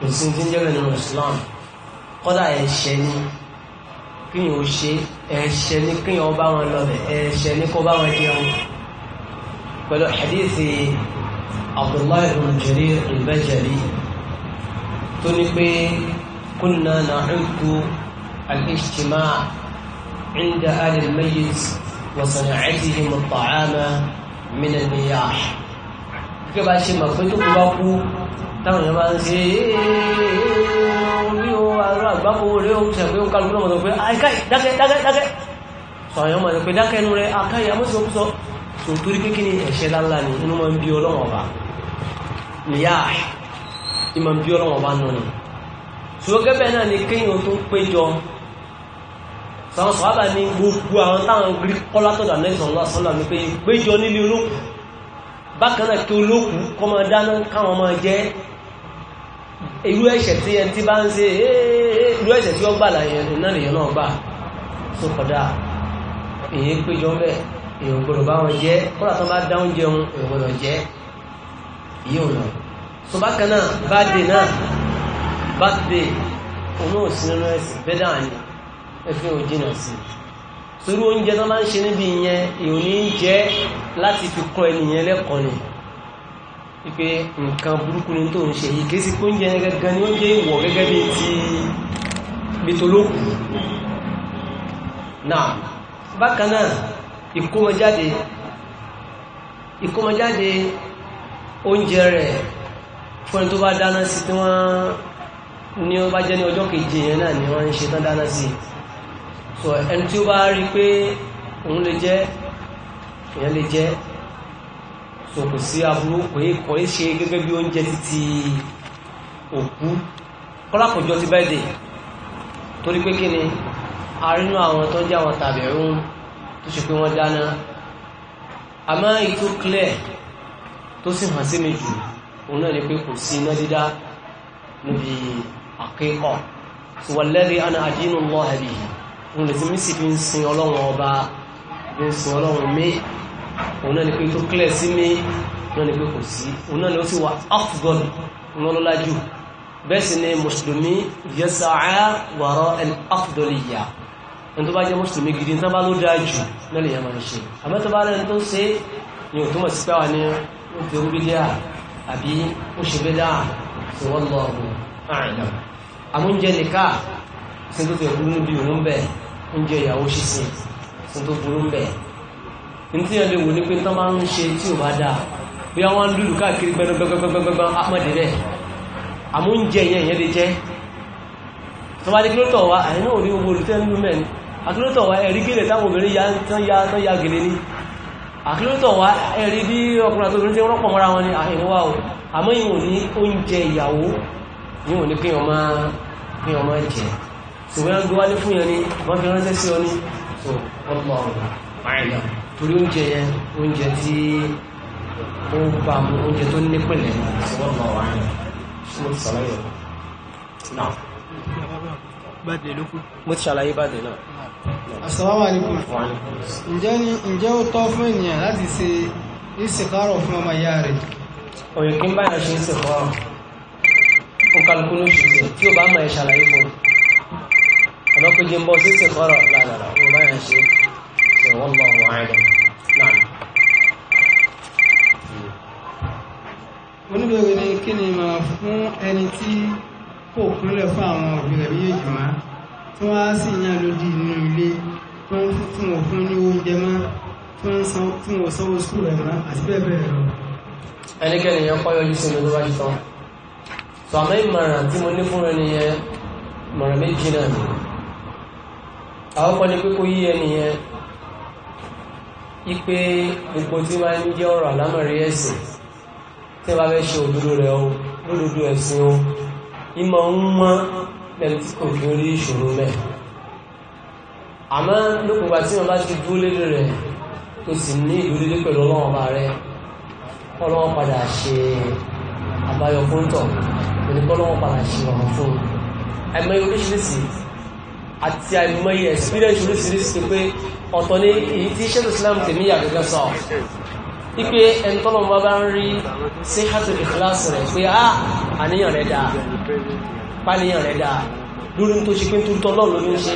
[SPEAKER 1] kò sí ti ń jẹ́ bẹ̀rẹ̀ nínú Islam kọ́dà ẹ̀ṣẹ̀ ni kíyàn ó ṣe ẹ̀ṣẹ̀ ni kíyàn ó bá wọn lọlẹ̀ ẹ̀ṣẹ̀ ni kó bá wọn jẹun pẹ̀lú hadithi Abdullah ibn Jarir al-Bajali tó ní pé kunna na'uddu al-ijtima' inda ahli al-mayyit wa sana'atihim gẹ́gẹ́ bá ṣe mọ̀ pé tó kó bá kú táwọn èèyàn máa ń ṣe ní ohun àrùn àgbákò rẹ̀ ó ṣe pé ó kálukú náà mọ̀ sọ pé àìkáì dákẹ́ dákẹ́ dákẹ́ sọ àwọn ọmọ rẹ̀ pé dákẹ́ inú rẹ̀ àkáì amóṣe sọ ni ẹ̀ṣẹ̀ lálá ni inú máa ń bí ọlọ́wọ̀n ọba nìyá ni máa ń bí ọlọ́wọ̀n ọba nù ni ṣùgbọ́n sọ̀rọ̀ sọ̀rọ̀ ní gbogbo àwọn táwọn kọ́látọ̀dà nẹ́sàn lọ́sọ́lá ni pé péjọ nílé olókùn bákan náà kí olóòkú kọ́ máa dáná káwọn máa jẹ́ irú ẹ̀ṣẹ̀ tí ẹ ti bá ń ṣe eh, eh, eh, irú ẹ̀ṣẹ̀ tí ó gbà láyẹn náà lèyàn náà gbà tó kọ̀dá èyí péjọ mẹ́ èyàn gbọ́dọ̀ bá wọn jẹ́ kọ́lá tó bá dá oúnjẹ wọn èyàn gbọ́dọ̀ jẹ́ èyí ò lọ tó bákan náà bá dè náà bá dè òun náà sí nínú ẹ̀sìn bẹ́dà ni ẹ fi hàn jìnnà sí i torí oúnjẹ tó máa ń ṣe níbi ìyẹn èyàn ní jẹ́ láti fi kún ẹnìyẹn lẹ́kọ̀ọ́ ni wípé nǹkan burúkú ni tó ń ṣe yìí kìí sí pé oúnjẹ gẹ́gẹ́ ni oúnjẹ ìwọ̀ gẹ́gẹ́ bí ti bitolókù náà bákan náà ìkómọjáde ìkómọjáde oúnjẹ rẹ̀ fún ẹni tó bá dáná sí tí wọ́n ní ó bá jẹ́ ní ọjọ́ keje yẹn náà ni wọ́n ń ṣe tán dáná sí so ẹni tí ó bá rí pé òun lè jẹ́ èèyàn lè jẹ́ so kò sí aburú kò yí kò yí ṣe gẹ́gẹ́ bí oúnjẹ títí òkú kọ́lákòjọ ti bẹ́ẹ̀ dè torí pé kí ni arínú àwọn tó ń jẹ́ àwọn tàbí ẹ̀rún tó ṣe pé wọ́n dáná àmọ́ ètò clear tó sì hàn sí mi jù òun náà ni pé kò sí iná dídá níbi àkẹ́kọ̀ọ́ so wallahi ana adínú Allah bihi òun lè ti mí sì fi ń sin ọlọ́run ọba fi ń sin ọlọ́run mi òun náà ni pé tó clear sí mi òun náà ni pé kò sí òun náà ni ó sì wà afghan òun ló lájú bẹ́ẹ̀ sì ni mùsùlùmí yẹsàá wàrọ̀ ẹni afdọ́lìyà ẹni tó bá jẹ́ mùsùlùmí gidi ní tábà ló dáa náà lè yẹ máa ṣe àmọ́ tó bá lẹ́ni tó ń ṣe ni òtún mọ̀ sí pé àwọn ni ó fi orú bídíà àbí ó ṣe bídíà sí wọ́n lọ́ọ̀rùn àìlọ́ àmúńjẹ nìkan sí tó tẹ̀ burú bí òun bẹ̀ oúnjẹ ìyàwó ṣíṣe sí tó burú bẹ̀ ní tí yẹn lè wò ní pé tán máa ń ṣe tí ò bá dáa bí wọ́n ń lùlù káàkiri gbẹnugbẹnugbẹnugbẹnugbẹ amọ̀dé rẹ̀ àmọ́ oúnjẹ yẹn ìyẹn lè jẹ́ tó bá ní kí ló àyìn náà ò ní owó olùtẹ́ nínú mẹ́rin àkílótọ̀ wá ẹ̀rí gèlè táwọn obìnrin ya tán ya tán ya gèlè ni àkílótọ̀ wá ẹ̀rí bí ọkùnrin àtòbìnrin tí wọ́n pọ̀ mọ́ra wọn ni àìwọ́wà o àmọ́ ìwọ̀n ní oúnjẹ ìyàwó ìwọ̀n ní pín ọmọ jẹ́ so wọ́n gbé wálé fún yẹn ni wọ́n fi ránṣẹ́ sí ọ so wọ́n lọ ọ̀rọ̀ àìlọ torí oúnjẹ yẹn oúnjẹ tí ó bá mu oúnjẹ tó nípìnlẹ̀ so wọ́n lọ ọ̀rọ̀ àìlọ so mo ti ṣàlàyé ọ̀ náà.
[SPEAKER 2] bàdé ló kù. mo ǹjẹ́ ni ǹjẹ́ ó tọ́ fún ènìyàn láti ṣe ìsìnkárọ̀ fún ọmọ ìyá rẹ̀. òyìnkí ń báyà ṣe ń sèkọ́ ọ̀hún kálukú ló ṣe tí ó bá
[SPEAKER 1] mọ̀ ẹ̀ ṣàlàyé fún un àmọ́ pé jẹ́ ń bọ́ لا لا kọ́rọ̀ lánàá wọn bá yàn ṣe ṣe wọ́n bọ̀ wọ́n àìdàn náà
[SPEAKER 2] oníbẹ̀rẹ̀ ni kí ni máa fún ẹni tí kò kúnlẹ̀ fún àwọn òbí rẹ̀ méjèèjì má tí wọ́n á sì yàn lódì nínú ilé tí wọ́n fún ní oúnjẹ má tí wọ́n sanwó sùúrù rẹ̀ má àti bẹ́ẹ̀ bẹ́ẹ̀ lọ ẹnikẹ́ni yẹn kọ́ yọjú sí olóòwà ṣe tán so àmọ́ ìmọ̀ràn tí mo ní fún ẹni
[SPEAKER 1] yẹn mọ̀ràn méjì náà nìyẹn àwọn kan ní pé kó yí ẹnìyẹn ipe gbogbo tí máa ń jẹ́ ọ̀rọ̀ àlámọ̀rí ẹ̀sìn tí wọ́n bá fẹ́ ṣe òdodo rẹ̀ o lódodo ẹ̀sìn o ìmọ̀ ń wọ́n lẹ́nu tí kò kí ń rí ìṣòro mẹ́ àmọ́ lókùnbà tí wọ́n bá ti dúró lédè rẹ̀ tó sì ní ìdúródé pẹ̀lú ọlọ́run ọba rẹ̀ ọlọ́run padà ṣe àbáyọ fún tọ̀ pẹ̀lú ọlọ́run padà ṣe ọ̀rọ̀ fún un oríṣiríṣi àti àìmọye experience oríṣiríṣi pé ọ̀tọ̀ ní èyí tí ṣẹ́lẹ̀ Islam tèmi yàgẹ́gẹ́ sọ wípé ẹni tọ́lọ̀ bá bá ń rí sí hàtò ìkíláàsì rẹ̀ pé á àníyàn rẹ̀ dáa pàníyàn rẹ̀ dáa lórí tó ṣe pé ń túntọ́ lọ́rùn ló ń ṣe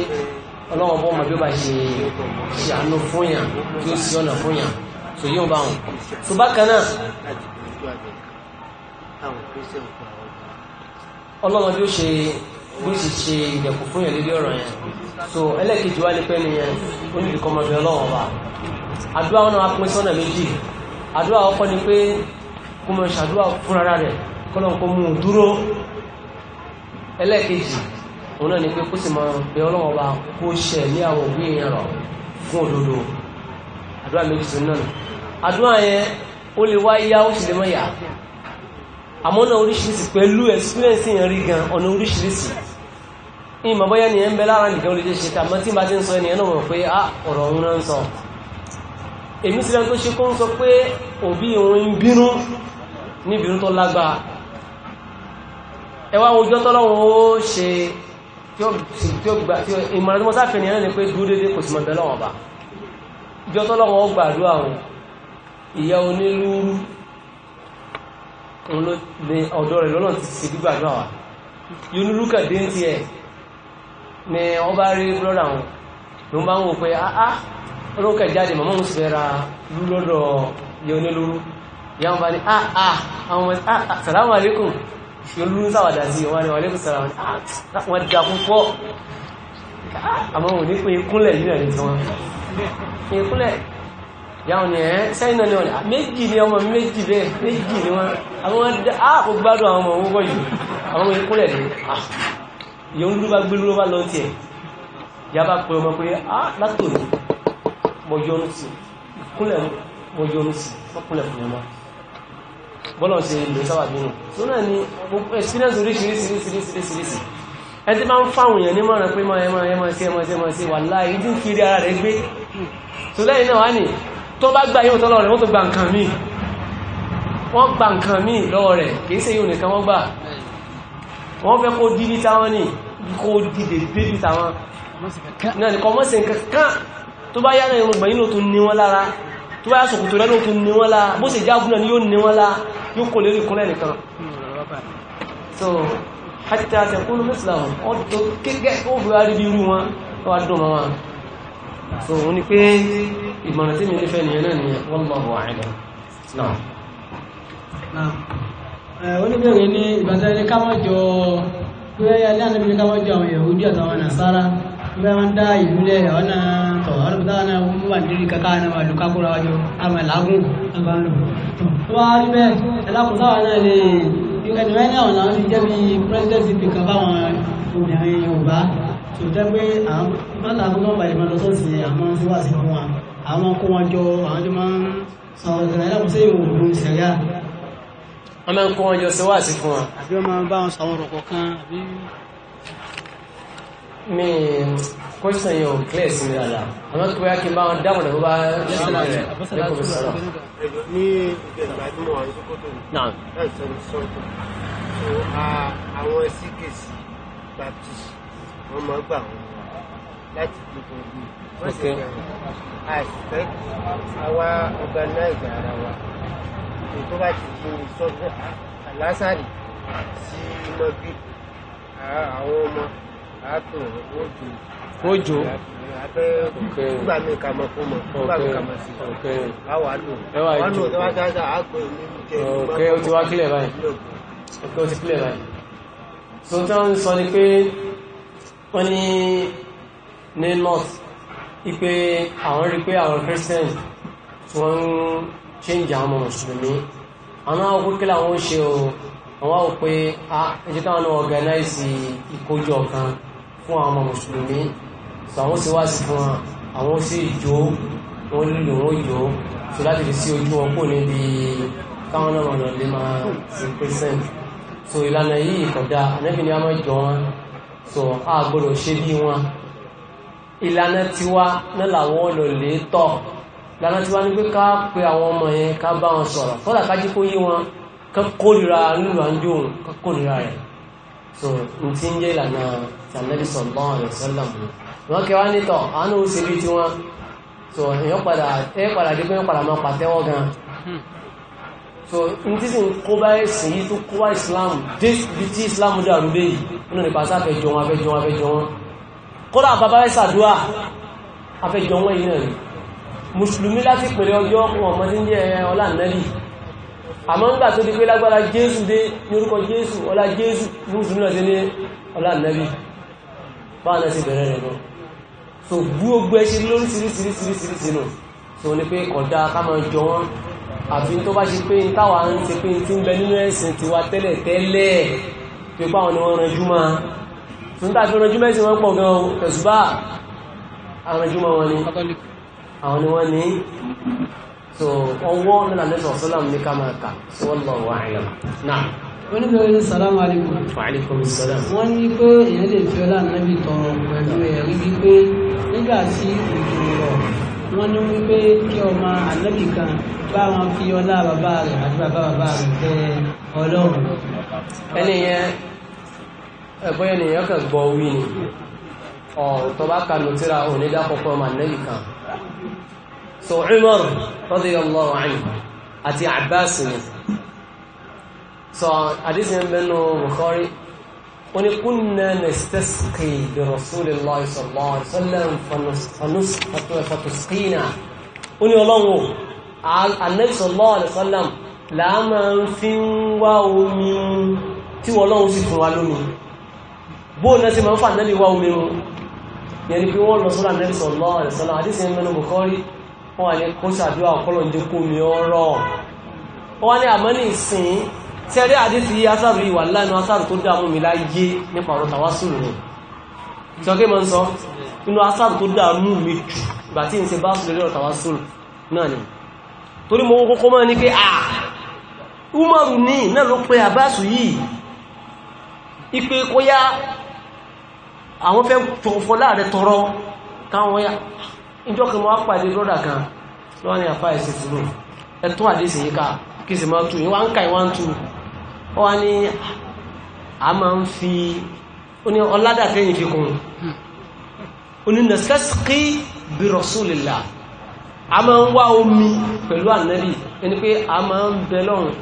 [SPEAKER 1] ọlọ́wọ́ bọ́ ọmọ bí ó bá ṣe ṣe àánú fún yàn tí ó sì ọ̀nà fún yàn
[SPEAKER 4] tó yóò bá wọn tó bákan náà
[SPEAKER 1] ọlọ́wọ́ bí ó ṣe bó ṣe ṣe ìdẹ̀kùn fún yẹn lórí ọ̀rọ̀ yẹn so ẹlẹ́kejì wá ní pẹ́ nìyẹn ó ní ìkọ́ ọmọbìnrin ọlọ́wọ́ wa àdúrà wọn náà pín sọ́nà méjì àdúrà ọkọ ni pé kó mọ ṣàdúrà fúnra rẹ̀ kọ́lọ̀ kó mú un dúró ẹlẹ́kejì òun náà ni pé kó sì mọ bẹ ọlọ́wọ́ wa kó ṣẹ ní àwọn òbí yẹn rọ fún òdodo àdúrà méjì sí náà àdúrà yẹn ó lè wá yá ó sì lè mọ yá àmọ́ náà oríṣiríṣi pẹ̀lú experience yẹn rí gan ọ̀nà oríṣiríṣi ìmọ̀ bọ́yá ni ẹ ń bẹ lára nìkan olè ṣe tàbí tí bá ti ń sọ ẹni ẹnà mọ̀ pé á ah, ọ̀rọ̀ òun náà ń sọ èmi sílẹ̀ tó ṣe kó ń sọ pé òbí òun ń bínú ní ìbínú tó lágbàá ẹwà ojú ọtọ́lọ́wọ́ ó ṣe tí ó gbà tí ìmọ̀ràn tí mo sáfẹ́ ni ẹ̀rọ ni pé dúró dédé kò sì mọ̀ bẹ́ẹ̀ lọ́wọ́ bá ìjọ ti ṣe ni wọ́n bá rí brọ́dà wọn ló ń bá wọn pé áá ah, olóńkẹ̀ ah, jáde màmá òun sì fẹ́ ra lú lọ́dọ̀ yẹ onílúrú ìyá wọn bá ní áá ah, àwọn ọmọ áá sàlámù àlékún olúrú sàwàdà sí wọn ni wọn àlékún sàlámù àlékún wọn dà púpọ̀ àmọ́ òun ní pé ikúnlẹ̀ yìí náà ní tiwọn ìkúnlẹ̀ yàwọn ni ẹ̀ sẹ́yìn náà ni wọ́n méjì ni ọmọ méjì bẹ́ẹ̀ méjì ni wọ́n àwọn àkó gbádùn àwọn ọmọ owó yìí àwọn ìkúnlẹ̀ ni yóò ló bá gbé ló bá lọ tí ẹ̀ ya bá pẹ ọmọ pé á látò ní mọ̀yọ́nù sí kúnlẹ̀ mọ̀yọ́nù sí mọ́kúnlẹ̀ fún ọmọ bọ́lọ̀ ṣe lè sábà bínú tó náà ni experience oríṣiríṣiríṣiríṣiríṣi ẹ ti máa ń fáwọn èèyàn ní mọ̀ràn pé máa ẹ máa ṣe máa ṣe máa ṣe wà láàyè tí ń kiri ara rẹ̀ gbé tó lẹ́yìn náà wá ní tó bá gbà yóò tọ́lọ́ rẹ̀ wọ́n tó gba nǹkan míì wọ́n gba nǹkan míì lọ́wọ́ rẹ̀ kì í ṣe yóò nìkan wọ́n gbà wọ́n fẹ́ kó dí bí táwọn ní kó dìde dé bí táwọn náà nìkan mọ́sí kankan tó bá yára irun gbẹ̀yìn ló tún ní wọ́n lára tó bá yá sòkòtò rẹ̀ ló tún ní wọ́n lára bó sì jágún náà ni yóò ní wọ́n lára yóò kò lérí kúnlẹ̀ nìkan so hajjita àti ẹ̀kúnlù mẹ́sìláwọ̀ ọdún kéèkéè ó fi wá rí bí irú wọn tó wá dùn wọn so
[SPEAKER 2] oníbẹ̀rẹ̀ ní ìbátẹ́lẹ́ kámọ́jọ pé alẹ́ àná bíi kámọ́jọ àwọn Yahudi àtàwọn Nasara pé wọ́n dá ìmúlẹ̀ àwọn náà tọ̀ àwọn ọ̀dọ́ náà wọ́n wà nílùú kàkà náà wà lù kákúrò àjọ àmọ́ làágùn àgbà lò tó wá rí bẹ́ẹ̀ ẹlẹ́kùnrin àwọn náà lè ẹni mẹ́rin àwọn náà ti jẹ́ bí pírẹ́sidẹ́ntì fi kan fáwọn obìnrin Yorùbá tó jẹ́ pé àwọn mọ́tà tó náà bàyẹ̀ máa lọ sọ́ọ̀sì àwọn síwáṣí fún wa àwọn kó wọn jọ àwọn jọ máa ń sọ̀rọ̀ ẹlẹ́kùnrin sí ìwòrán ìṣẹ̀yà wọ́n máa ń kó wọn jọ sí wáàsí fún wọn. àbí wọ́n máa ń bá wọn sàwọn ọ̀rọ̀ kọ̀ọ̀kan àbí. mi question yẹn ò clear
[SPEAKER 1] sí mi dáadáa àmọ́ kí wáyà kí n bá wọn dáhùn náà bá lẹ́kọ̀ọ́
[SPEAKER 2] èyí tó bá ti di sọ́dún àlásàrì sí mọ́bí àwọn ọmọ àtò òjò òjò abẹ́ nígbà mi kà mọ̀ fún mọ̀ nígbà mi kà mọ̀ sí àwọn àlò àwọn àlò tó wá sáájà àgbọ̀ ìlú jẹ́
[SPEAKER 1] ọ̀kẹ́ ó ti wá kílẹ̀ báyìí ti kílẹ̀ báyìí so tí wọ́n ń sọ ni pé wọ́n ní ní north ipe àwọn rí pé àwọn Christian wọ́n ń ṣe ń jẹ àwọn mùsùlùmí àwọn àwọn òkúkí làwọn ṣe o àwọn àwọn pé a ẹjẹ́ káwọn náà ọ̀gánáìsì ìkójọ kan fún àwọn mùsùlùmí sọ àwọn sì wá sí fún wọn àwọn sì jó wọn lílò wọn jó sọ láti fi sí ojú wọn kò níbi káwọn náà wọn lè máa sí pẹ́sẹ̀n so ìlànà yìí kódà ànábì ni a máa jọ wọn so a gbọ́dọ̀ ṣe bí wọn ìlànà tiwa náà làwọn lọ lè tọ̀ lára tí wá ní pé ká pe àwọn ọmọ yẹn ká bá wọn sọ̀rọ̀ fọ́dà ká jí kó yé wọn ká kórìíra nínú àjò rẹ̀ so n ti ń jẹ́ ìlànà sàlẹ́bí sallallahu alaihi wasallam wọn kẹwàá nítọ̀ àánú so èèyàn padà ẹ padà dé pé wọn padà so n ti sì ń Islam dé ibi tí Islam dàrú dé yìí nínú nípa sáfẹ́ jọ wọn afẹ́jọ wọn kódà bàbá ẹ̀ afẹ́jọ wọn yìí náà mùsùlùmí láti pẹ̀lẹ̀ ọjọ́ ọkùn ọmọ tí ń jẹ́ ọlá nẹ́lì àmọ́ ń gbà tó di pé lágbára jésù dé ní orúkọ jésù ọlá jésù mùsùlùmí náà dé ní ọlá nẹ́lì báwọn náà sì bẹ̀rẹ̀ rẹ̀ náà so bú ogbó ẹṣin lórí sírísírísírísírísí nù so ní pé kọ̀dá ká máa jọ wọn àfi tó bá ṣe pé ń táwa ń ṣe pé ń ń bẹ nínú ẹ̀sìn tiwa tẹ́lẹ̀ tẹ́lẹ̀ pé báwọn ni wọ́n ranjú máa tó ń tàbí ranjú mẹ́sìn wọn pọ̀ gan-an tẹ̀sùbá máa wọn ni àwọn ni wọ́n ní so ọwọ́ nílà lẹ́sọ̀ sọ́làm ní ká máa kà sí wọ́n lọ
[SPEAKER 2] wà áyà náà. wọ́n ní bẹ́ẹ̀ sàlámù alaykum.
[SPEAKER 1] wa alaykum salam.
[SPEAKER 2] wọ́n ní pé èèyàn lè fi ọlá nàbì tọrọ pẹ̀lú ẹ̀rí wípé nígbà tí òjò rọ̀ wọ́n ní wípé kí ọmọ ànábì kan bá wọn fi ọlá bàbá rẹ̀ àti bàbá bàbá rẹ̀ tẹ ọlọ́run.
[SPEAKER 1] ẹni so Umar radiyallahu anhu àti Abbas ni so àdísì ń bẹnu Bukhari wọ́n ni kunna nastasqi bi Rasulillahi sallallahu alaihi wasallam fatusqina wọ́n ni ọlọ́wọ́ Annabi sallallahu alaihi wasallam láàmà ń fi ń wá omi tí wọ́n lọ́wọ́ wa lómi bóòlá sí ma ń fà náà lè wá omi rún yẹni pé sallallahu alaihi wasallam àdísì ń bẹnu Bukhari wọ́n wà ní kó sàdúrà ọ̀pọ̀lọ̀ ní kó mi ọ̀rọ̀ wọ́n ní àmọ́ ní ìsìn tí ẹ̀rí àdísì yí asáàrù ìwà lánàá asáàrù tó dààmú mi láyé nípa ọ̀rọ̀ tàwásùlù rẹ̀ sọ́kẹ́ mọ́ ń sọ inú asáàrù tó dààmú mi jù ìgbà tí n ṣe bá sùlẹ̀ lọ́rọ̀ tàwásùlù náà ni torí mo kọ́kọ́ mọ́ ní pé à Umaru ní náà ló pe àbáṣù yìí ipe kóyá àwọn fẹ́ fọlá rẹ̀ tọrọ káwọn ìjọ kan wá pàdé brọ́dà kan lọ́wọ́ ní àfáà ẹ̀sìn fúrò ẹ̀tún àdéṣe yìí ká kí sì máa tu yìí wá ń ka ìwá ń tu ọ wá ní a máa ń fi ó ní ọládà tẹ́yìn fi kún ó ní nàṣẹ́sìkì bí rọ̀ṣúlìlà a máa ń wá omi pẹ̀lú ànábì ẹni pé a máa ń bẹ lọ́rùn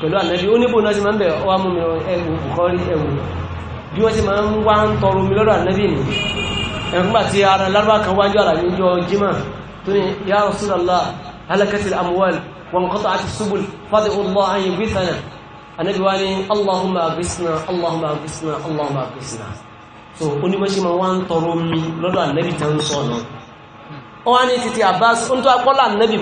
[SPEAKER 1] pẹ̀lú ànábì ó níbo náà ti máa ń bẹ̀ ọwá mú mi ẹwù bùkọ́rí ẹwù bí wọ́n ti máa ń wá ń tọrọ omi lọ́dọ̀ ànábì nìyí ẹ̀rùngbà tí ara lárúbá kan wájú ara ní ọjọ́ jímà tó ní ya Rasulullah halakatil amwal wọn kọ́ta àti subul fadi Allah an yi bisana anabi wa ni Allahumma agbésina Allahumma agbésina Allahumma agbésina so onímọ̀ṣe ma wá ń tọrọ omi lọ́dọ̀ anabi tẹ́ ń sọ ọ̀nà wọ́n ní títí Abbas ó ń tó akọ́lá anabi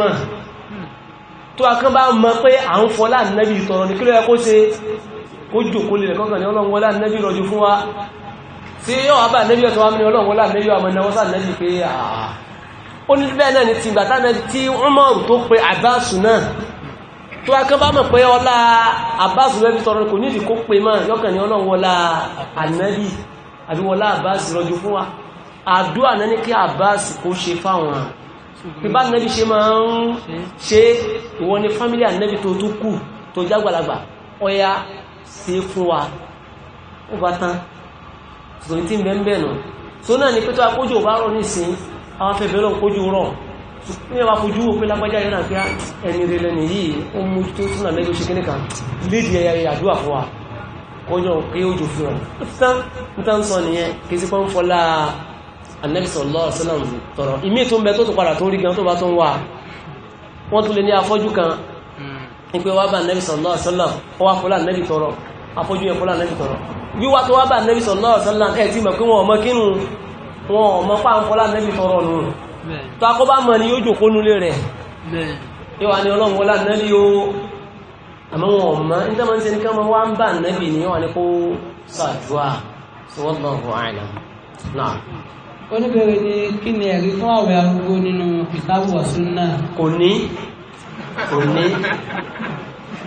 [SPEAKER 1] bá tó akán bá mọ́ pé à ń fọ́lá nẹ́bí ìtọ̀rọ̀ ní kílẹ̀ kó ṣe kó jòkó lè kọ́kàn ní ọlọ́run wọlá nẹ́bí rọjú fún wa tí yọ́ wà bá nẹ́bí ọ̀tọ̀ wá ní ọlọ́run wọlá nẹ́bí ọmọ ẹ̀nà wọ́sà nẹ́bí pé àà ó ní bẹ́ẹ̀ náà ni ti gbàtà nẹ́bí tí Umaru tó pe àbáṣù náà tó akán bá mọ̀ pé ọlá àbáṣù nẹ́bí tọrọ kò nídìí kó pe mọ́ yọ́kàn ní ọlọ́run wọlá ànẹ́bí àbí wọlá àbáṣù rọjú fún wa àdúrà náà ní kí àbáṣù kó ṣe fáwọn bíbá nẹ́bí ṣe máa ń ṣe ìwọ ni fámílì ànẹ́bí tó tó kù tó jágbàlagbà ọya ṣe fún wa ó bá tán tòun tí ń bẹ́ ń bẹ̀ nù tó náà ni pé tó akójú ò bá rọ̀ nísìn àwọn afẹ́ bẹ́ẹ̀ lọ kójú rọ̀ ní ọba fojú wò pé lágbájá yẹn náà pé ah, ẹni rẹ̀ lẹ́nu yìí ó mú tó tún náà lẹ́gbẹ̀ẹ́ ṣe kíní kan lédi ẹ̀yà ẹ̀yà àdúrà fún wa kọjọ pé ó jò fún ọ tán ń tán sọ nìyẹn kì sí pọ́n fọlá anabi sallallahu alaihi wasallam tọrọ ìmí tó ń bẹ tó tó padà tó ń rí gan tó bá tó ń wà wọ́n tún lè ní afọ́jú kan nígbẹ́ hmm. wá bá anabi sallallahu alaihi wasallam ó wá kọ́lá anabi tọrọ afọ́jú yẹn kọ́lá anabi tọrọ wíwá tó wá bá anabi sallallahu alaihi wasallam ẹ̀ tí mọ̀ pé wọn ọmọ kínú wọn ọmọ páńkọ́lá anabi tọrọ nù tó akọ́bá mọ̀ ni yóò jòkó nulẹ̀ rẹ̀ yíwa ni ọlọ́run wọ́n lọ́wọ́ àìlà
[SPEAKER 2] oníbẹ̀rẹ̀ ni kí ni ẹ̀rí fún àwẹ̀ arúgbó nínú kìtàbù ọ̀sùnà kò ní
[SPEAKER 4] kò ní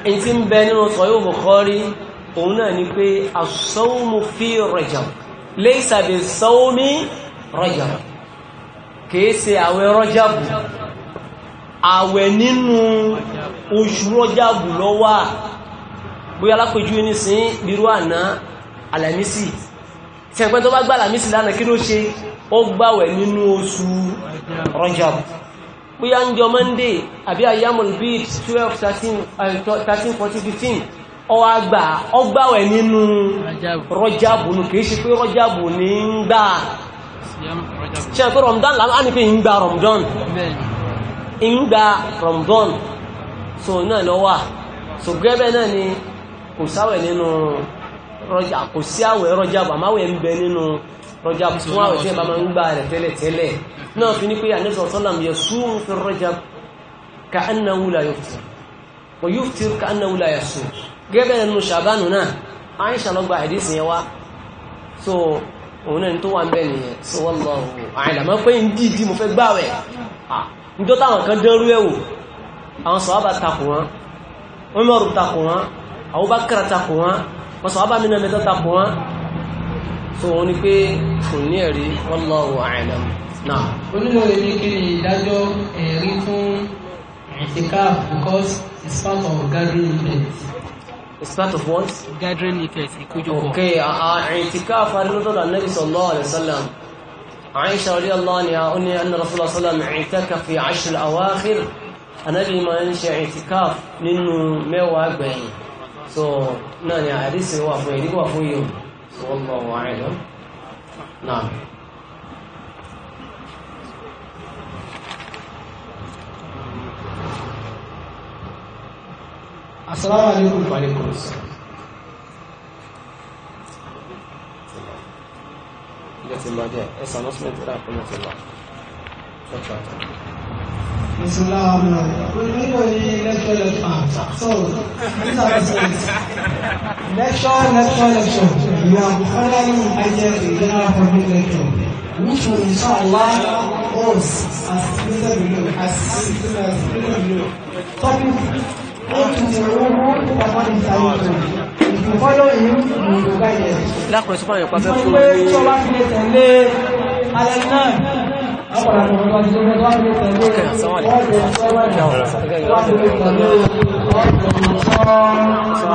[SPEAKER 1] èyí tí ń bẹ nínú sọ̀yọ́ Bukhari òun náà ni pé as fi Rajab laysa bi sawmi Rajab kìí ṣe àwẹ̀ Rajab àwẹ̀ nínú oṣù Rajab ló wà bóyá alápèjú ní sí bírú àná Àlàmísì sẹ́gbẹ́ tó bá gbà làmísì lánàá kí ló ṣe ó gbàwẹ̀ nínú oṣù Rajab bóyá ń jọ monday àbí ayamul bid twelve thirteen eh, thirteen fourteen fifteen ọwọ́ àgbà ọgbàwẹ̀ nínú Rajab nù kìí ṣe pé Rajab ní ń gbà ṣe pé Ramadan lánàá ní Ramadan Ramadan so náà lọ́wọ́ so gẹ́gẹ́ náà ni kò sáwẹ̀ nínú rọjà kò sí àwẹ̀ rọjà bàmáwẹ̀ ń bẹ nínú rọjà fún àwẹ̀ tí ẹ bá máa ń gbà rẹ̀ tẹ́lẹ̀ tẹ́lẹ̀ náà fi ní pé àníṣọ́ sọ́làm yẹ súnmù fi rọjà ka annahu la yuftir wa yuftir ka annahu la yasum gẹ́gẹ́ nínú ṣàbánu náà àìṣà lọ gba àdìsí yẹn wá so òun náà tó wà ń bẹ àwọn bá takò wọn wọn wọ́n sọ bá mi náà mẹ́tọ́ takò wọn so wọn ni pé kò ní ẹ̀rí wallahu
[SPEAKER 2] a'lam náà. olùdarí ní kí ìdájọ́ ẹ̀rí fún ìtìkáf because it's part of gathering event. it's part of what? gathering event
[SPEAKER 1] ìkójọpọ̀. ok ìtìkáf arínútọ́lá nabi sallallahu alayhi wa sallam aisha radiyallahu anha ó ní anna rasulullah sallam ìtìkáf fi ashr al-awakhir anabi máa ń ṣe ìtìkáf nínú mẹ́wàá gbẹ̀yìn so náà ni àdísì wà fún ìdí wà fún yóò wọ́n lọ wà ẹ̀lọ́ náà
[SPEAKER 4] assalamu alaikum wa alaikum assalam
[SPEAKER 1] ilẹ̀ ti lọ díẹ̀ ẹ̀sán lọ́sílẹ̀ tí ó rà
[SPEAKER 4] fún ìtìlá ọ̀pọ̀ àtàkùn
[SPEAKER 2] Bismillah, no. We need only lecture, lecture. So, these are the points. Lecture,
[SPEAKER 3] lecture, lecture. We are following items in general public lecture, which will inshallah host as stated below, as stated below. Topic, what is the role of the Islam?
[SPEAKER 1] Lákùnrin sọ́kàn yẹn pa tẹ̀lé
[SPEAKER 3] alẹ́
[SPEAKER 2] náà.
[SPEAKER 4] Assalamu alaikum.